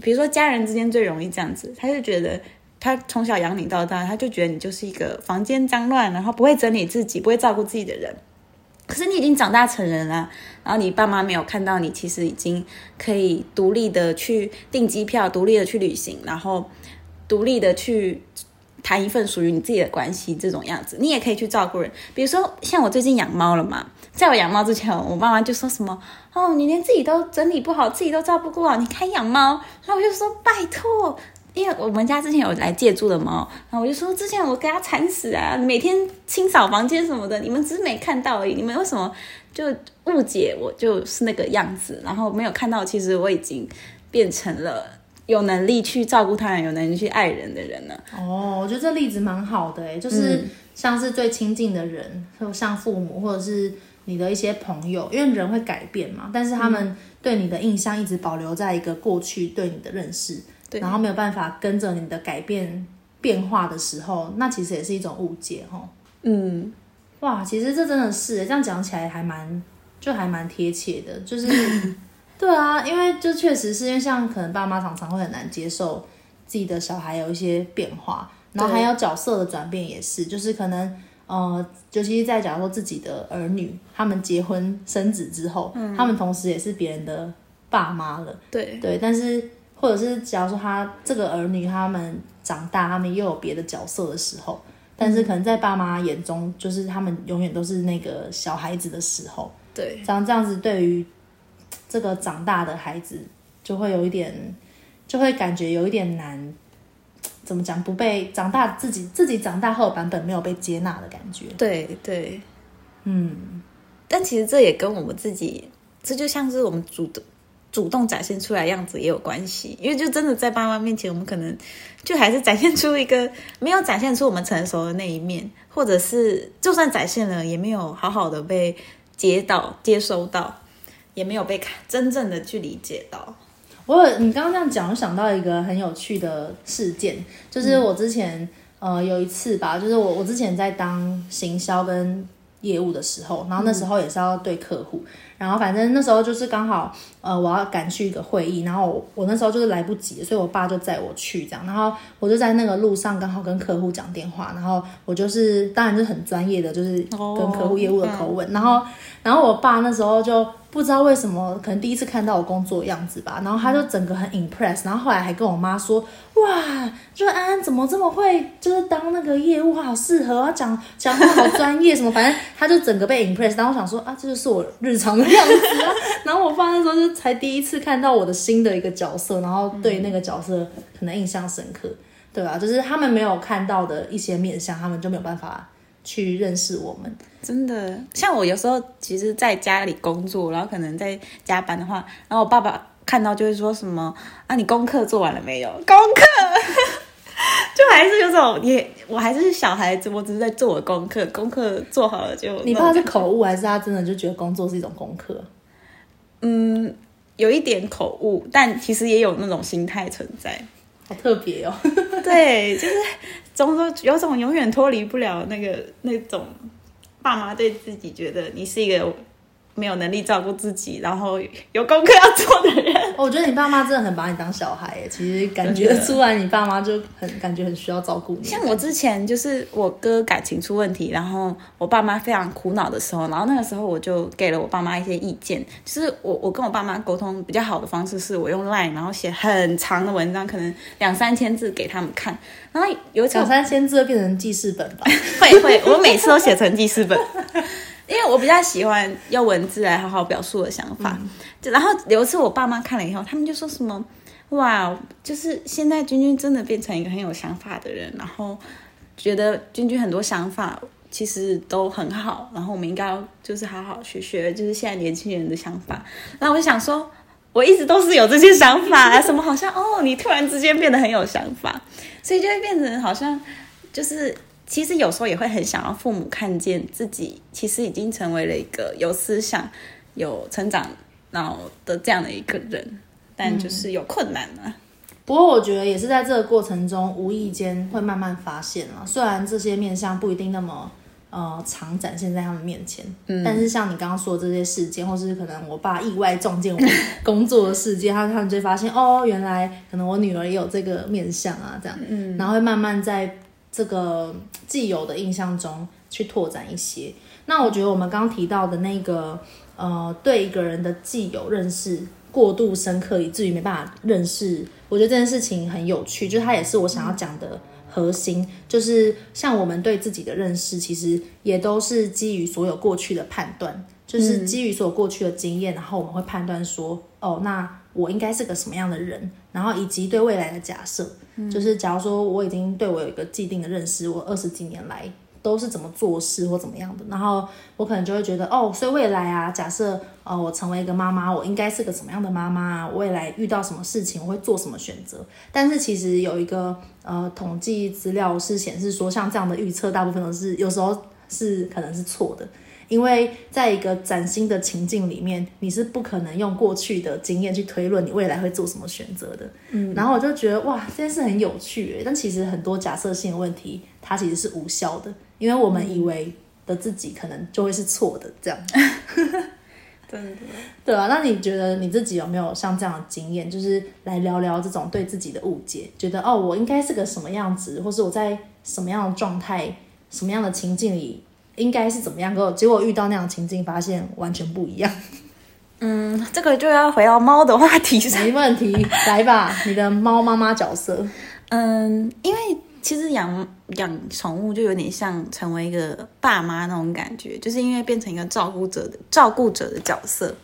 比如說家人之間最容易這樣子，他就覺得他從小養你到大，他就覺得你就是一個房間髒亂，然後不會整理自己，不會照顧自己的人。可是你已經長大成人了，然後你爸媽沒有看到你，其實已經可以獨立的去訂機票，獨立的去旅行，然後獨立的去談一份屬於你自己的關係，這種樣子，你也可以去照顧人。比如說，像我最近養貓了嘛，在我養貓之前，我爸媽就說什麼：“哦，你連自己都整理不好，自己都照顧不好，你還養貓？”然後我就說：“拜託。”因為我們家之前有來借住的貓，然後我就說，之前我給它鏟屎啊，每天清掃房間什麼的，你們只是沒看到而已。你們為什麼就誤解我就是那個樣子？然後沒有看到，其實我已經變成了有能力去照顧他人、有能力去愛人的人了。哦，我覺得這例子蠻好的誒，欸，就是像是最親近的人，嗯，像父母或者是你的一些朋友，因為人會改變嘛，但是他們對你的印象一直保留在一個過去對你的認識。然後沒有辦法跟着你的改變變化的時候，那其實也是一種誤解哈、哦。嗯，哇，其實這真的是這樣講起來還蠻就還蠻貼切的，就是 (laughs) 對啊，因為就確實是因為像可能爸媽常常會很難接受自己的小孩有一些變化，對然後還有角色的轉變也是，就是可能呃，尤其是在假如說自己的兒女他們結婚生子之後，嗯、他們同時也是別人的爸媽了。對對，但是。或者是，假如說他這個兒女他們長大，他們又有別的角色的時候，但是可能在爸媽眼中，就是他們永遠都是那個小孩子的時候。對，像這樣子，對於這個長大的孩子，就會有一點，就會感覺有一點難，怎麼講？不被長大自己自己長大後版本沒有被接納的感覺。對對，對，嗯。但其實這也跟我們自己，這就像是我們主的。主動展現出來的樣子也有關係，因為就真的在爸媽面前，我們可能就還是展現出一個沒有展現出我們成熟的那一面，或者是就算展現了，也沒有好好的被接到、接收到，也沒有被看真正的去理解到。我有你剛剛這樣講，我想到一個很有趣的事件，就是我之前、嗯、呃有一次吧，就是我我之前在當行銷跟業務的時候，然後那時候也是要對客戶。然後反正那時候就是剛好，呃，我要趕去一個會議，然後我，我那時候就是來不及，所以我爸就載我去這樣。然後我就在那個路上剛好跟客戶講電話，然後我就是當然是很專業的，就是跟客戶業務的口吻。Oh, okay. 然後，然後我爸那時候就不知道為什麼，可能第一次看到我工作樣子吧，然後他就整個很 impress，然後後來還跟我媽說，哇，就安安怎麼這麼會，就是當那個業務好，好適合，啊、講講話好專業什麼，反正他就整個被 impress，然後我想說啊，這就是我日常。 (laughs) 這樣子啊！然後我爸那時候就才第一次看到我的新的一個角色，然後對那個角色可能印象深刻，對吧、啊？就是他們沒有看到的一些面向，他們就沒有辦法去認識我們。真的，像我有時候其實，在家裡工作，然後可能在加班的話，然後我爸爸看到就會說什麼：“啊，你功課做完了沒有？功課。 (laughs) ”就還是有種你，我還是小孩子，我只是在做我功課，功課做好了就。你爸是口誤，還是他真的就覺得工作是一種功課？嗯，有一點口誤，但其實也有那種心態存在。好特別哦， (laughs) 對，就是總說有種永遠脫離不了那個那種爸媽對自己覺得你是一個。沒有能力照顧自己，然後有功課要做的人。哦，我覺得你爸媽真的很把你當小孩耶。其實感覺出來，你爸媽就很的感覺很需要照顧你。像我之前就是我哥感情出問題，然後我爸媽非常苦惱的時候，然後那個時候我就給了我爸媽一些意見。就是我我跟我爸媽溝通比較好的方式，是我用 Line，然後寫很長的文章，可能兩三千字給他們看。然後有一兩三千字就變成記事本吧？會會，我每次都寫成記事本。因為我比較喜歡用文字來好好表述的想法，嗯、然後有一次我爸媽看了以後，他們就說什麼：“哇，就是現在君君真的變成一個很有想法的人。”然後覺得君君很多想法其實都很好，然後我們應該就是好好學學，就是現在年輕人的想法。然後我想說，我一直都是有這些想法，什麼好像哦，你突然之間變得很有想法，所以就會變成好像就是。其實有時候也會很想讓父母看見自己，其實已經成為了一個有思想、有成長，然後的這樣的一個人，但就是有困難了、啊嗯。不過我覺得也是在這個過程中，無意間會慢慢發現了。雖然這些面相不一定那麼呃常展現在他們面前，嗯、但是像你剛剛說的這些事件，或是可能我爸意外撞見我工作的事件， (laughs) 他他們就會發現哦，原來可能我女兒也有這個面相啊，這樣，嗯、然後會慢慢在。這個既有的印象中去拓展一些，那我覺得我們剛剛提到的那個，呃，對一個人的既有認識過度深刻，以至於沒辦法認識。我覺得這件事情很有趣，就是它也是我想要講的核心，嗯、就是像我們對自己的認識，其實也都是基於所有過去的判斷，就是基於所有過去的經驗，嗯、然後我們會判斷說，哦，那。我應該是個什麼樣的人，然後以及對未來的假設，嗯，就是假如說我已經對我有一個既定的認識，我二十幾年來都是怎麼做事或怎麼樣的，然後我可能就會覺得哦，所以未來啊，假設哦，我成為一個媽媽，我應該是個什麼樣的媽媽？我未來遇到什麼事情我會做什麼選擇？但是其實有一個呃統計資料是顯示說，像這樣的預測大部分都是有時候是可能是錯的。因為在一個嶄新的情境裡面，你是不可能用過去的經驗去推論你未來會做什麼選擇的。嗯，然後我就覺得哇，這件事很有趣誒。但其實很多假設性的問題，它其實是無效的，因為我們以為的自己可能就會是錯的。這樣， (laughs) 真的，對啊，那你覺得你自己有沒有像這樣的經驗？就是來聊聊這種對自己的誤解，覺得哦，我應該是個什麼樣子，或是我在什麼樣的狀態、什麼樣的情境裡？應該是怎麼樣？結果遇到那樣情境，發現完全不一樣。嗯，這個就要回到貓的話題上。沒問題，來吧，你的貓媽媽角色。嗯，因為其實養養寵物就有點像成為一個爸媽那種感覺，就是因為變成一個照顧者的照顧者的角色。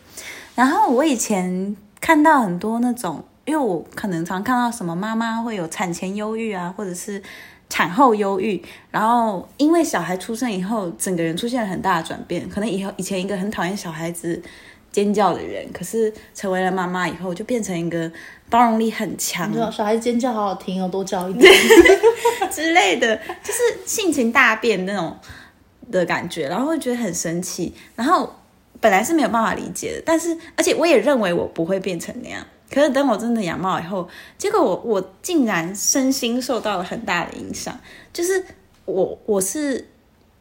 然後我以前看到很多那種，因為我可能常看到什麼媽媽會有產前憂鬱啊，或者是。產後憂鬱，然後因為小孩出生以後，整個人出現了很大的轉變。可能以後以前一個很討厭小孩子尖叫的人，可是成為了媽媽以後，就變成一個包容力很強，小孩子尖叫好好聽哦，多叫一點對 (laughs) 之類的，就是性情大變那種的感覺。然後會覺得很生氣，然後本來是沒有辦法理解的，但是而且我也認為我不會變成那樣。可是等我真的養貓以後，結果我我竟然身心受到了很大的影響，就是我我是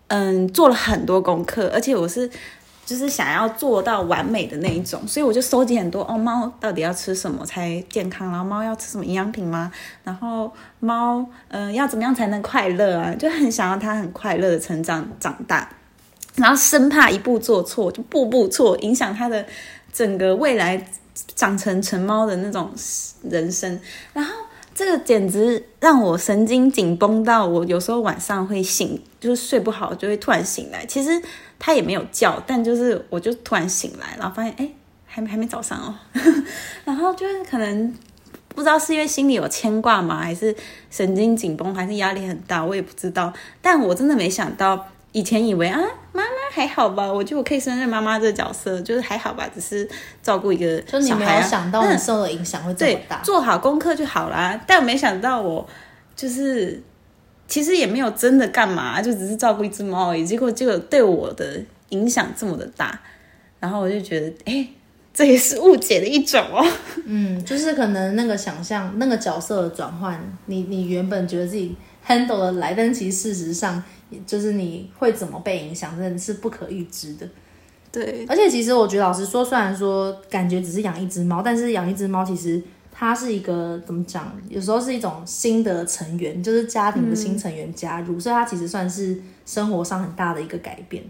嗯做了很多功課，而且我是就是想要做到完美的那一種，所以我就收集很多哦，貓到底要吃什麼才健康？然後貓要吃什麼營養品嗎？然後貓嗯要怎麼樣才能快樂啊？就很想要它很快樂的成長長大，然後生怕一步做錯就步步錯，影響它的整個未來。長成成貓的那種人生，然後這個簡直讓我神經緊繃到我有時候晚上會醒，就是睡不好就會突然醒來。其實他也沒有叫，但就是我就突然醒來，然後發現哎，還還沒早上哦。呵呵，然後就是可能不知道是因為心裡有牽掛嗎，還是神經緊繃，還是壓力很大，我也不知道。但我真的沒想到，以前以為啊，媽媽。還好吧，我覺得我可以勝任媽媽這個角色，就是還好吧，只是照顧一個小孩、啊。就你沒有想到你受的影響會這麼大。對，做好功課就好啦，但我沒想到我就是其實也沒有真的幹嘛，就只是照顧一隻貓而已。結果結果對我的影響這麼的大，然後我就覺得，哎、欸，這也是誤解的一種哦、喔。嗯，就是可能那個想象那個角色的轉換，你你原本覺得自己 handle 得來，但其實事實上。就是你會怎麼被影響，真的是不可預知的。對，而且其實我覺得，老實說，雖然說感覺只是養一隻貓，但是養一隻貓其實它是一個怎麼講？有時候是一種新的成員，就是家庭的新成員加入，嗯、所以它其實算是生活上很大的一個改變。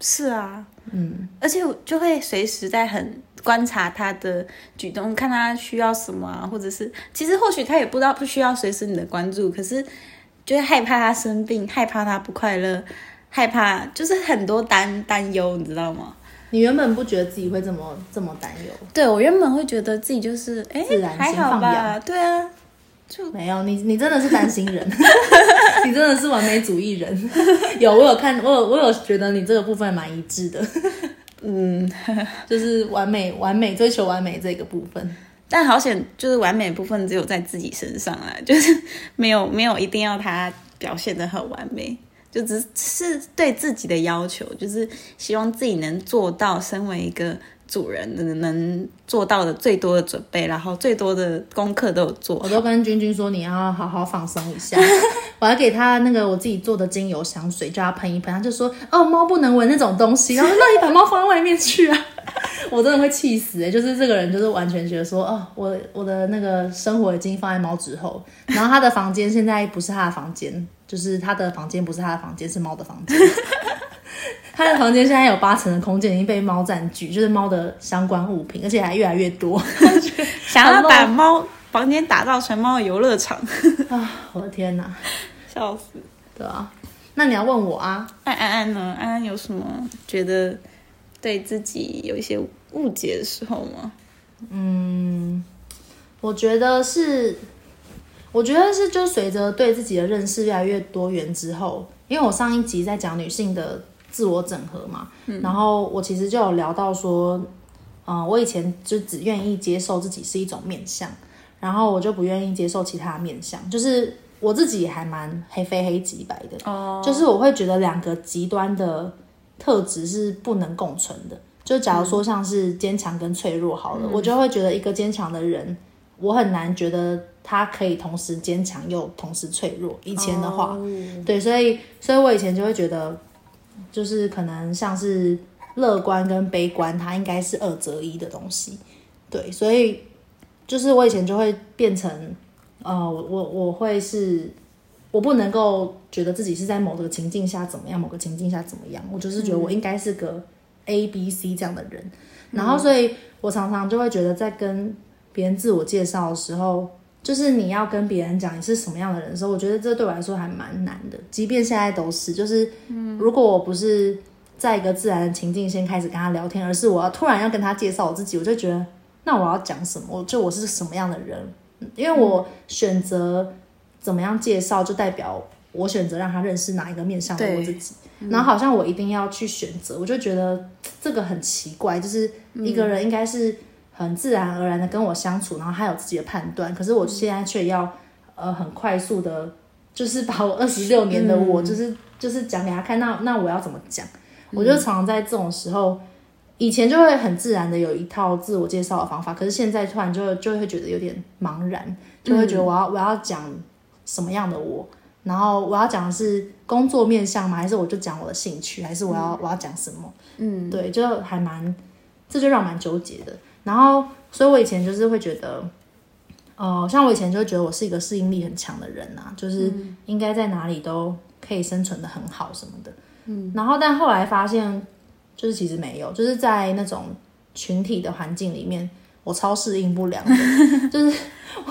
是啊，嗯，而且我就會隨時在很觀察它的舉動，看它需要什麼、啊、或者是其實或許它也不知道不需要隨時你的關注，可是。就是害怕他生病，害怕他不快樂，害怕就是很多擔擔憂，你知道嗎？你原本不覺得自己會這麼這麼擔憂。對，我原本會覺得自己就是哎還好吧，對啊，就，沒有，你，你真的是擔心人， (laughs) (laughs) 你真的是完美主義人。 (laughs) 有我有看，我有我有覺得你這個部分還蠻一致的，嗯， (laughs) 就是完美完美追求完美這個部分。但好險，就是完美的部分只有在自己身上啊，就是沒有沒有一定要它表現得很完美，就只是對自己的要求，就是希望自己能做到身為一個主人能能做到的最多的準備，然後最多的功課都有做。我都跟君君說，你要好好放鬆一下， (laughs) 我還給他那個我自己做的精油香水叫他噴一噴，他就說，哦，貓不能聞那種東西，然後讓你把貓放在外面去啊！我真的會氣死哎、欸！就是這個人，就是完全覺得說，哦，我我的那個生活已經放在貓之後。然後他的房間現在不是他的房間，就是他的房間不是他的房間，是貓的房間。 (laughs) 他的房間現在有八成的空間已經被貓占據，就是貓的相關物品，而且還越來越多。想要把貓房間打造成貓的遊樂場 (laughs) 啊！我的天哪，笑死！對啊，那你要問我啊，安安安呢？安安有什麼覺得對自己有一些？誤解的時候嗎？嗯，我覺得是，我覺得是，就隨着對自己的認識越來越多元之後，因為我上一集在講女性的自我整合嘛，嗯、然後我其實就有聊到說，啊、呃、我以前就只願意接受自己是一種面向，然後我就不願意接受其他面向，就是我自己還蠻黑非黑即白的，哦、就是我會覺得兩個極端的特質是不能共存的。就假如說像是堅強跟脆弱好了，嗯、我就會覺得一個堅強的人，我很難覺得他可以同時堅強又同時脆弱。以前的話，哦、對，所以，所以我以前就會覺得，就是可能像是樂觀跟悲觀，它應該是二擇一的東西。對，所以就是我以前就會變成，呃，我我，我會是，我不能夠覺得自己是在某個情境下怎麼樣，某個情境下怎麼樣，我就是覺得我應該是個。嗯 A、B、C 這樣的人，然後所以，我常常就會覺得，在跟別人自我介紹的時候，就是你要跟別人講你是什麼樣的人的時候，我覺得這對我來說還蠻難的。即便現在都是，就是，如果我不是在一個自然的情境先開始跟他聊天，而是我要突然要跟他介紹我自己，我就覺得，那我要講什麼？我就我是什麼樣的人？因為我選擇怎麼樣介紹，就代表。我選擇讓他認識哪一個面向我自己，對，嗯、然後好像我一定要去選擇，我就覺得這個很奇怪，就是一個人應該是很自然而然的跟我相處，嗯、然後他有自己的判斷，可是我現在卻要、嗯、呃很快速的，就是把我二十六年的我，就是，嗯、就是講給他看，那那我要怎麼講？嗯、我就常常在這種時候，以前就會很自然的有一套自我介紹的方法，可是現在突然就就會覺得有點茫然，就會覺得我要、嗯、我要講什麼樣的我？然後我要講的是工作面向嘛，還是我就講我的興趣？還是我要、嗯、我要講什麼？嗯，對，就還蠻，這就讓我蠻糾結的。然後，所以我以前就是會覺得，呃，像我以前就覺得我是一個適應力很強的人啊，就是應該在哪裡都可以生存的很好什麼的。嗯，然後但後來發現，就是其實沒有，就是在那種群體的環境裡面，我超適應不了。 (laughs) 就是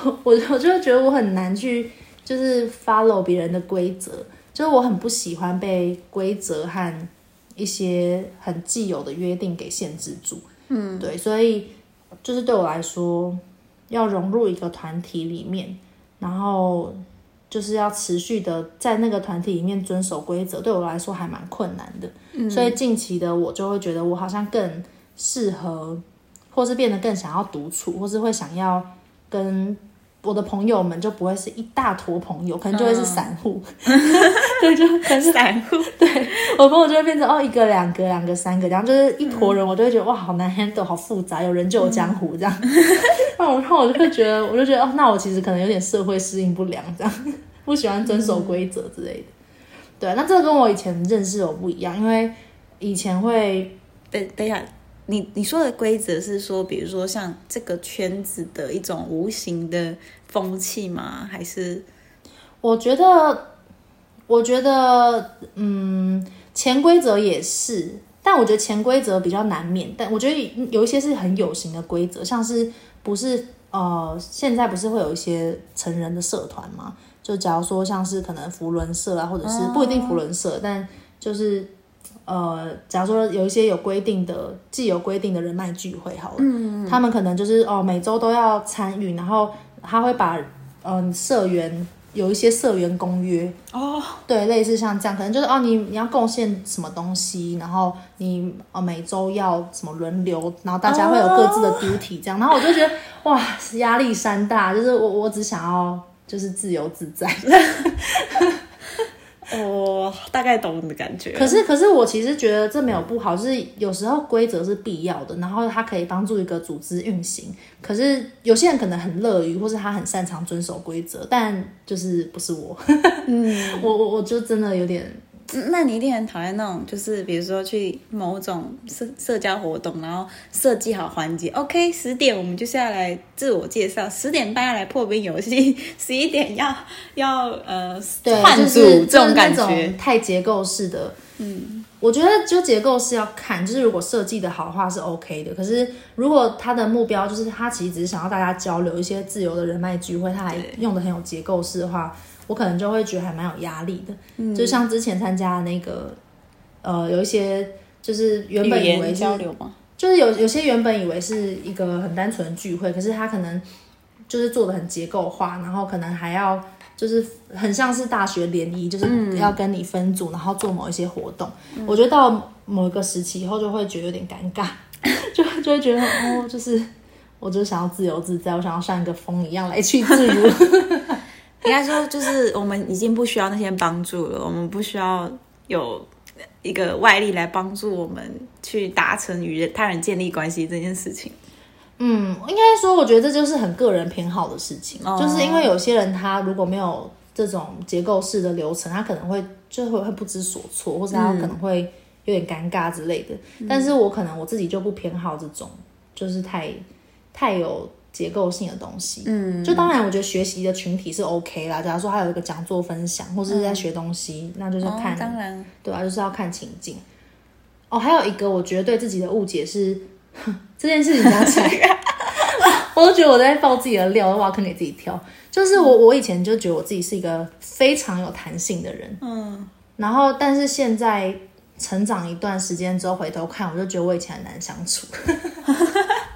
我我我就覺得我很難去。就是 follow 別人的規則，就是我很不喜歡被規則和一些很既有的約定給限制住。嗯，對，所以就是對我來說，要融入一個團體裡面，然後就是要持續的在那個團體裡面遵守規則，對我來說還蠻困難的。嗯，所以近期的我就會覺得，我好像更適合，或是變得更想要獨處，或是會想要跟。我的朋友們就不會是一大坨朋友，可能就會是散戶，對、哦， (laughs) 就可能是散戶。對，我朋友就會變成哦，一個、兩個、兩個、三個，這樣就是一坨人，嗯、我就會覺得哇，好難 handle，好複雜。有人就有江湖這樣，那我那我就會覺得，我就覺得哦，那我其實可能有點社會適應不良，這樣不喜歡遵守規則、嗯、之類的。對，那這個跟我以前認識我不一樣，因為以前會等等一下。你你說的規則是說，比如說像這個圈子的一種無形的風氣嗎？還是？我覺得，我覺得，嗯，潛規則也是，但我覺得潛規則比較難免。但我覺得有一些是很有形的規則，像是不是呃，現在不是會有一些成人的社團嗎？就假如說像是可能扶輪社啊，或者是、哦、不一定扶輪社，但就是。呃，假如說有一些有規定的、既有規定的人脈聚會，好了，嗯嗯他們可能就是哦、呃，每周都要參與，然後他會把嗯、呃、社員有一些社員公約哦，對，類似像這樣，可能就是哦、呃，你你要貢獻什麼東西，然後你哦、呃，每周要什麼輪流，然後大家會有各自的 duty 這樣，哦、然後我就覺得哇，壓力山大，就是我我只想要就是自由自在。 (laughs) 欸、我大概懂你的感覺。可是，可是我其實覺得這沒有不好，嗯、是有時候規則是必要的，然後它可以幫助一個組織運行。可是有些人可能很樂於，或是他很擅長遵守規則，但就是不是我。 (laughs) 嗯，我我我就真的有點。嗯、那你一定很討厭那種，就是比如說去某種社社交活動，然後設計好環節，OK，十點我們就下來自我介紹，十點半要來破冰遊戲，十一點要要呃換組，這、就是就是、種感覺太結構式的。嗯，我覺得就結構式要看，就是如果設計的好的話是 OK 的，可是如果他的目標就是他其實只是想要大家交流一些自由的人脈聚會，他還用的很有結構式的話。我可能就會覺得還蠻有壓力的，嗯、就像之前參加的那個，呃，有一些就是原本以為交流嘛，就是有有些原本以為是一個很單純的聚會，可是他可能就是做的很結構化，然後可能還要就是很像是大學聯誼，就是要跟你分組，嗯、然後做某一些活動。嗯、我覺得到某一個時期以後，就會覺得有點尷尬， (laughs) 就就會覺得哦，就是我就想要自由自在，我想要像一個風一樣來去自如。 (laughs) 應該說，就是我們已經不需要那些幫助了，我們不需要有一個外力來幫助我們去達成與他人建立關係這件事情。嗯，應該說，我覺得這就是很個人偏好的事情，哦。就是因為有些人他如果沒有這種結構式的流程，他可能會就會會不知所措，或者他可能會有點尷尬之類的。嗯。但是我可能我自己就不偏好這種，就是太太有。結構性的東西，嗯，就當然，我覺得學習的群體是 OK 啦。假如說還有一個講座分享，或者在學東西，嗯、那就是看、哦，當然，對吧、啊？就是要看情境哦，還有一個，我覺得對自己的誤解是這件事情講起來， (laughs) (laughs) 我都覺得我在爆自己的料，我要挖坑給自己跳。就是我，我以前就覺得我自己是一個非常有彈性的人，嗯，然後但是現在成長一段時間之後，回頭看，我就覺得我以前很難相處。 (laughs)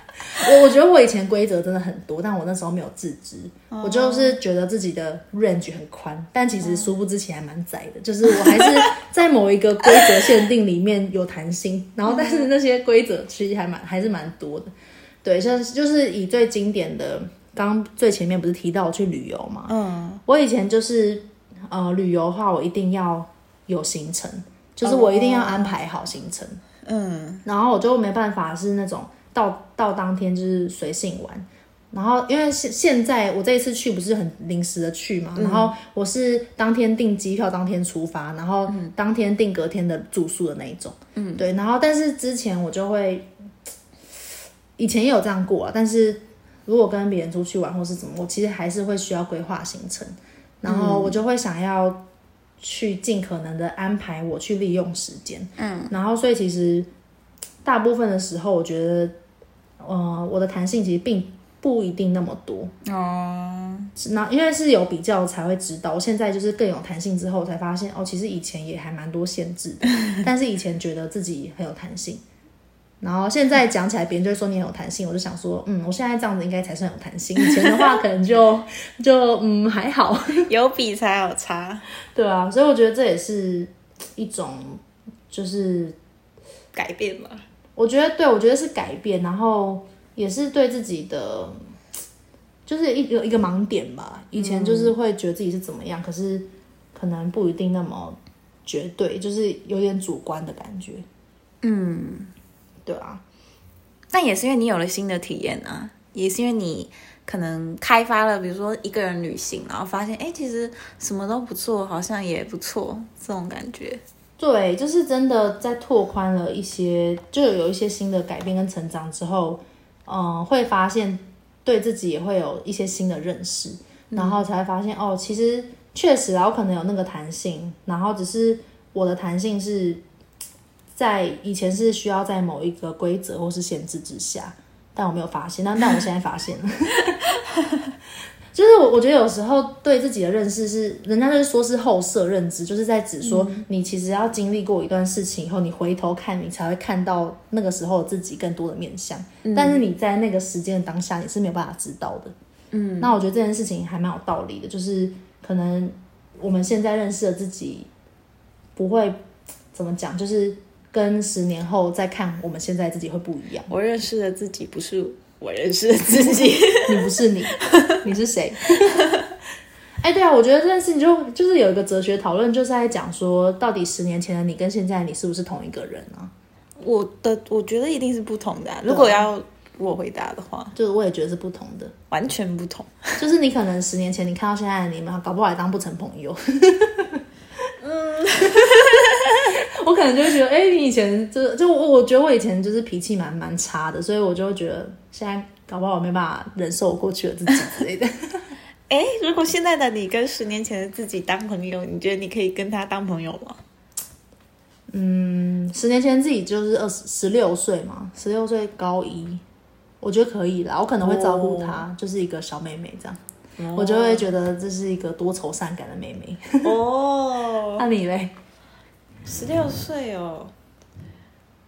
我我覺得我以前規則真的很多，但我那時候沒有自知，uh huh. 我就是覺得自己的 range 很寬，但其實殊不知其實還蠻窄的，uh huh. 就是我還是在某一個規則限定裡面有彈性，uh huh. 然後但是那些規則其實還蠻還是蠻多的，對，像就是以最經典的，剛最前面不是提到我去旅遊嘛，嗯，uh huh. 我以前就是呃旅遊的話，我一定要有行程，就是我一定要安排好行程，嗯，uh huh. 然後我就沒辦法是那種。到到當天就是隨性玩，然後因為現現在我這一次去不是很臨時的去嘛，嗯，然後我是當天訂機票，當天出發，然後當天訂隔天的住宿的那一種，嗯，對，然後但是之前我就會，以前也有這樣過啊，但是如果跟別人出去玩或是怎麼，我其實還是會需要規劃行程，然後我就會想要去盡可能的安排我去利用時間，嗯，然後所以其實大部分的時候我覺得。呃，我的彈性其實並不一定那麼多那，oh. 因為是有比較才會知道。我現在就是更有彈性之後，才發現哦，其實以前也還蠻多限制的。 (laughs) 但是以前覺得自己很有彈性，然後現在講起來，別人就會說你很有彈性。我就想說，嗯，我現在這樣子應該才算有彈性。以前的話，可能就 (laughs) 就嗯還好。 (laughs) 有比才有差，對啊。所以我覺得這也是一種就是改變吧。我覺得對，我覺得是改變，然後也是對自己的，就是一個一個盲點吧。以前就是會覺得自己是怎麼樣，嗯、可是可能不一定那麼絕對，就是有點主觀的感覺。嗯，對啊。但也是因為你有了新的體驗啊，也是因為你可能開發了，比如說一個人旅行，然後發現哎，其實什麼都不做好像也不錯，這種感覺。對，就是真的在拓寬了一些，就有一些新的改變跟成長之後，嗯、呃，會發現對自己也會有一些新的認識，然後才發現哦，其實確實我可能有那個彈性，然後只是我的彈性是在以前是需要在某一個規則或是限制之下，但我沒有發現，那但我現在發現了。 (laughs) 就是我覺得有時候對自己的認識是人家就是說是後設認知，就是在指說，你其實要經歷過一段事情以後，你回頭看你才會看到那個時候自己更多的面相。但是你在那個時間的當下，你是沒有辦法知道的。嗯，那我覺得這件事情還蠻有道理的，就是可能我們現在認識的自己，不會怎麼講，就是跟十年後再看我們現在自己會不一樣。我認識的自己不是。我認識自己， (laughs) 你不是你， (laughs) 你是誰？哎、 (laughs) 欸，對啊，我覺得這件事情就就是有一個哲學討論，就是在講說，到底十年前的你跟現在的你是不是同一個人呢、啊？我的，我覺得一定是不同的、啊。啊、如果要我回答的話，就是我也覺得是不同的，完全不同。就是你可能十年前你看到現在的你們搞不好還當不成朋友。 (laughs) (laughs) 嗯。 (laughs) 我可能就會覺得，哎、欸，你以前就就我，覺得我以前就是脾氣蠻蠻差的，所以我就覺得現在搞不好我沒辦法忍受我過去的自己。哎、 (laughs) 欸，如果現在的你跟十年前的自己當朋友，你覺得你可以跟他當朋友嗎？嗯，十年前自己就是二十、十六歲嘛，十六歲高一，我覺得可以啦，我可能會照顧她，oh. 就是一個小妹妹這樣，oh. 我就會覺得這是一個多愁善感的妹妹。哦、 (laughs) oh. 啊，那你嘞？十六歲哦，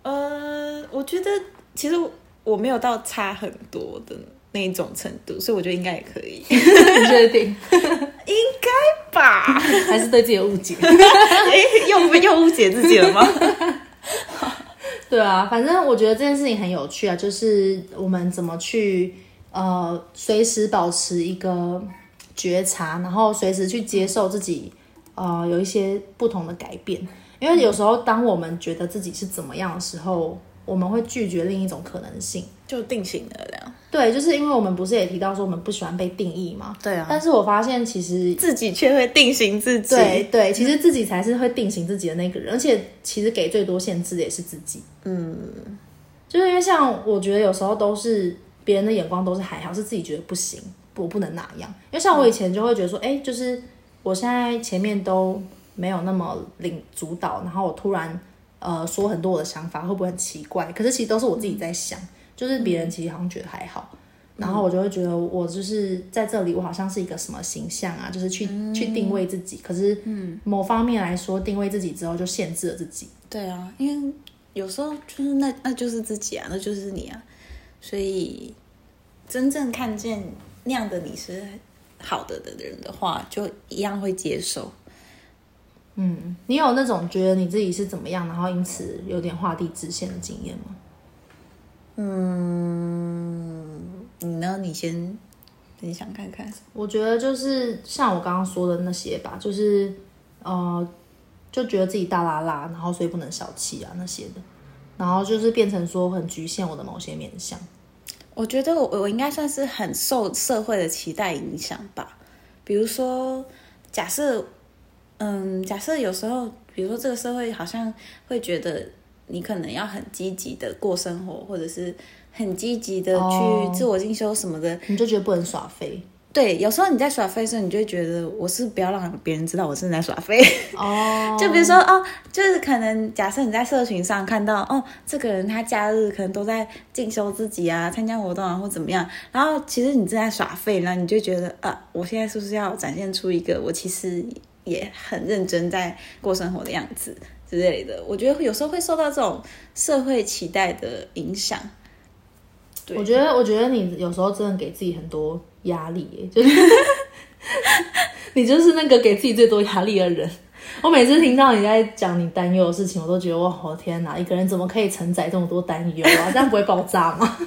嗯、呃，我覺得其實我沒有到差很多的那一種程度，所以我覺得應該也可以， (laughs) (laughs) 你確定？應該吧？還是對自己有誤解？又又誤解自己了嗎？ (laughs) 對啊，反正我覺得這件事情很有趣啊，就是我們怎麼去呃，隨時保持一個覺察，然後隨時去接受自己呃，有一些不同的改變。因為有時候，當我們覺得自己是怎麼樣的時候，嗯、我們會拒絕另一種可能性，就定型了。這樣對，就是因為我們不是也提到說我們不喜歡被定義嘛？對啊。但是我發現其實自己卻會定型自己。對對，其實自己才是會定型自己的那個人，嗯、而且其實給最多限制的也是自己。嗯，就是因為像我覺得有時候都是別人的眼光都是還好，是自己覺得不行，我不能那樣。因為像我以前就會覺得說，誒、嗯，就是我現在前面都。沒有那麼領主導，然後我突然呃說很多我的想法，會不會很奇怪？可是其實都是我自己在想，嗯、就是別人其實好像覺得還好，嗯、然後我就會覺得我就是在這裡，我好像是一個什麼形象啊，就是去、嗯、去定位自己。可是某方面來說，定位自己之後就限制了自己。對啊，因為有時候就是那那就是自己啊，那就是你啊，所以真正看見那樣的你是好的的人的話，就一樣會接受。嗯，你有那種覺得你自己是怎麼樣，然後因此有點畫地自限的經驗嗎？嗯，你呢？你先，你想看看？我覺得就是像我剛剛說的那些吧，就是呃，就覺得自己大剌剌，然後所以不能小氣啊那些的，然後就是變成說很局限我的某些面向。我覺得我我應該算是很受社會的期待影響吧，比如說假設。嗯，假設有時候，比如說這個社會好像會覺得你可能要很積極的過生活，或者是很積極的去自我進修什麼的，哦，你就覺得不能耍廢。對，有時候你在耍廢的時候，你就會覺得我是不要讓別人知道我正在耍廢。哦， (laughs) 就比如說哦，就是可能假設你在社群上看到哦，這個人他假日可能都在進修自己啊，參加活動啊或怎麼樣，然後其實你正在耍廢，然後你就覺得啊，我現在是不是要展現出一個我其實。也很認真在過生活的樣子之類的，我覺得有時候會受到這種社會期待的影響。我覺得，我覺得你有時候真的給自己很多壓力欸，就是 (laughs) 你就是那個給自己最多壓力的人。我每次聽到你在講你擔憂的事情，我都覺得哇，我天哪，一個人怎麼可以承載這麼多擔憂啊？ (laughs) 這樣不會爆炸嗎？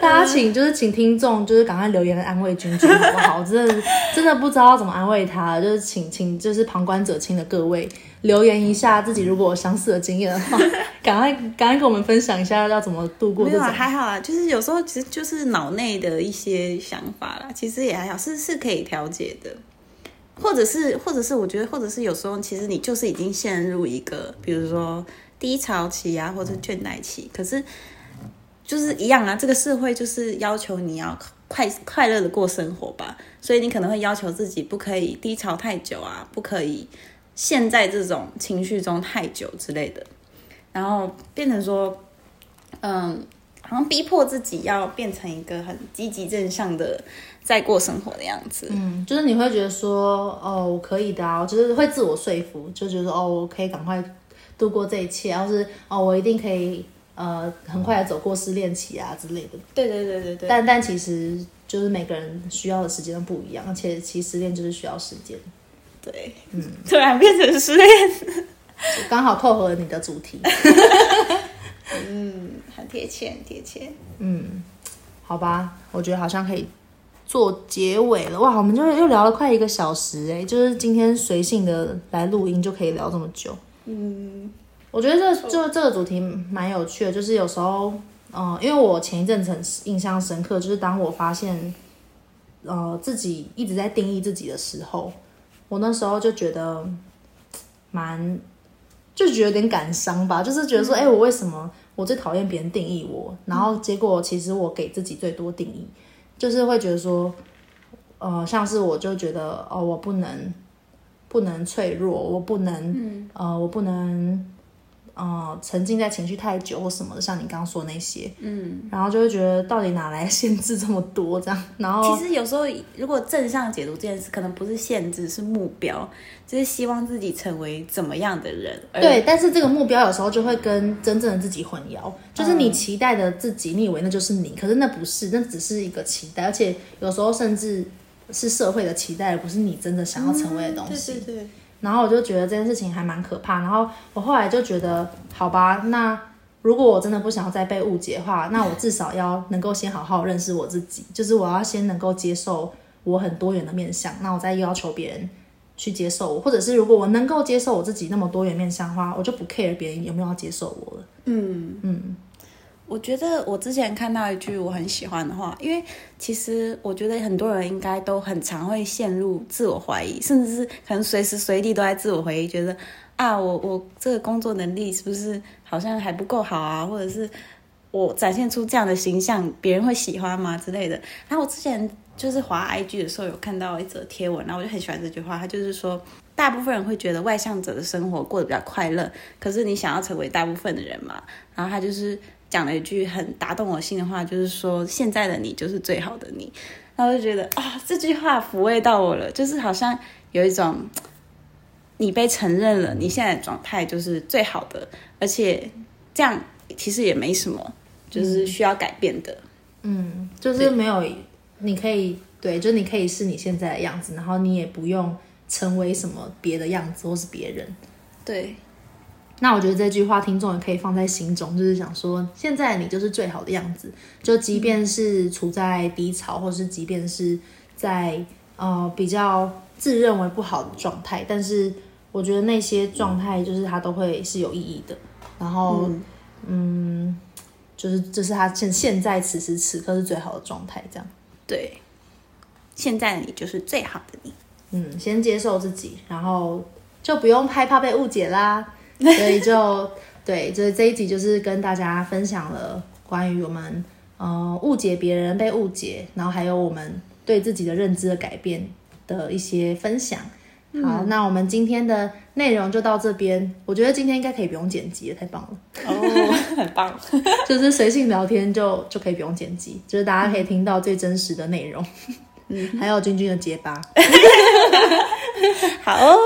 大家請，就是請聽眾，就是趕快留言來安慰君君好不好？真的，真的不知道怎麼安慰他，就是請，請就是旁觀者清的各位留言一下，自己如果有相似的經驗的話，趕快趕快跟我們分享一下要，要怎麼度過。沒有還好啦，就是有時候其實就是腦內的一些想法啦，其實也還好，是是可以調節的，或者是或者是我覺得，或者是有時候其實你就是已經陷入一個比如說低潮期啊，或者是倦怠期，可是。就是一樣啊，這個社會就是要求你要快快樂的過生活吧，所以你可能會要求自己不可以低潮太久啊，不可以陷在這種情緒中太久之類的，然後變成說，嗯，好像逼迫自己要變成一個很積極正向的在過生活的樣子。嗯，就是你會覺得說，哦，我可以的啊，就是會自我說服，就覺得哦，我可以趕快度過這一切，要是哦，我一定可以。呃，很快的走過失戀期啊之類的。對對對對對，但。但但其實就是每個人需要的時間都不一樣，而且其實失戀就是需要時間。對，嗯。突然變成失戀，剛好扣合了你的主題。 (laughs) (laughs) 嗯，很貼切，很貼切。嗯，好吧，我覺得好像可以做結尾了。哇，我們就又聊了快一個小時哎、欸，就是今天隨性的來錄音就可以聊這麼久。嗯。我覺得這就這個主題蠻有趣的，就是有時候，嗯、呃，因為我前一陣子印象深刻，就是當我發現，呃，自己一直在定義自己的時候，我那時候就覺得，蠻，就覺得有點感傷吧，就是覺得說，哎、嗯欸，我為什麼我最討厭別人定義我，然後結果其實我給自己最多定義，就是會覺得說，呃，像是我就覺得，哦、呃，我不能，不能脆弱，我不能，嗯、呃，我不能。呃，沉浸在情緒太久或什麼的，像你剛剛說那些，嗯，然後就會覺得到底哪來限制這麼多？這樣，然後其實有時候如果正向解讀這件事，可能不是限制，是目標，就是希望自己成為怎麼樣的人。呃、對，但是這個目標有時候就會跟真正的自己混淆，就是你期待的自己，你以為那就是你，嗯、可是那不是，那只是一個期待，而且有時候甚至是社會的期待，而不是你真的想要成為的東西。嗯、對對對。然後我就覺得這件事情還蠻可怕。然後我後來就覺得，好吧,那如果我真的不想要再被誤解的話，那我至少要能夠先好好認識我自己,就是我要先能夠接受我很多元的面向,那我再要求別人去接受我。或者是如果我能夠接受我自己那麽多元面向的話，我就不 care 別人有沒有要接受我了。嗯嗯。嗯我覺得我之前看到一句我很喜歡的話，因為其實我覺得很多人應該都很常會陷入自我懷疑，甚至是可能隨時隨地都在自我懷疑，覺得啊，我我這個工作能力是不是好像還不夠好啊，或者是我展現出這樣的形象，別人會喜歡嗎之類的。然後我之前就是滑 IG 的時候有看到一則貼文，然後我就很喜歡這句話，他就是說，大部分人會覺得外向者的生活過得比較快樂，可是你想要成為大部分的人嘛，然後他就是。講了一句很打動我心的話，就是說現在的你就是最好的你。然後我就覺得啊、哦，這句話撫慰到我了，就是好像有一種你被承認了，你現在的狀態就是最好的，而且這樣其實也沒什麼，就是需要改變的。嗯，嗯，就是沒有，對你可以對，就你可以是你現在的樣子，然後你也不用成為什麼別的樣子或是別人。對。那我覺得這句話聽眾也可以放在心中，就是想說，現在你就是最好的樣子，就即便是處在低潮，或是即便是在呃比較自認為不好的狀態，但是我覺得那些狀態就是它都會是有意義的。然後，嗯，就是這是他現現在此時此刻是最好的狀態，這樣。對，現在你就是最好的你。嗯，先接受自己，然後就不用害怕被誤解啦。所以就對，就是這一集就是跟大家分享了關於我們呃誤解別人、被誤解，然後還有我們對自己的認知的改變的一些分享。好，嗯、那我們今天的內容就到這邊。我覺得今天應該可以不用剪輯了，太棒了！哦，很棒， (laughs) 就是隨性聊天就就可以不用剪輯，就是大家可以聽到最真實的內容。嗯 (laughs) 嗯、還有君君的結巴， (laughs) 好哦。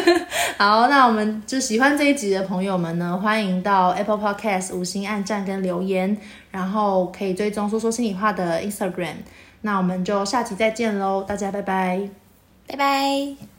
(laughs) 好，那我們就喜歡這一集的朋友們呢，歡迎到 Apple Podcast 五星按讚跟留言，然後可以追蹤說說心理話的 Instagram，那我們就下期再見嘍，大家拜拜，拜拜。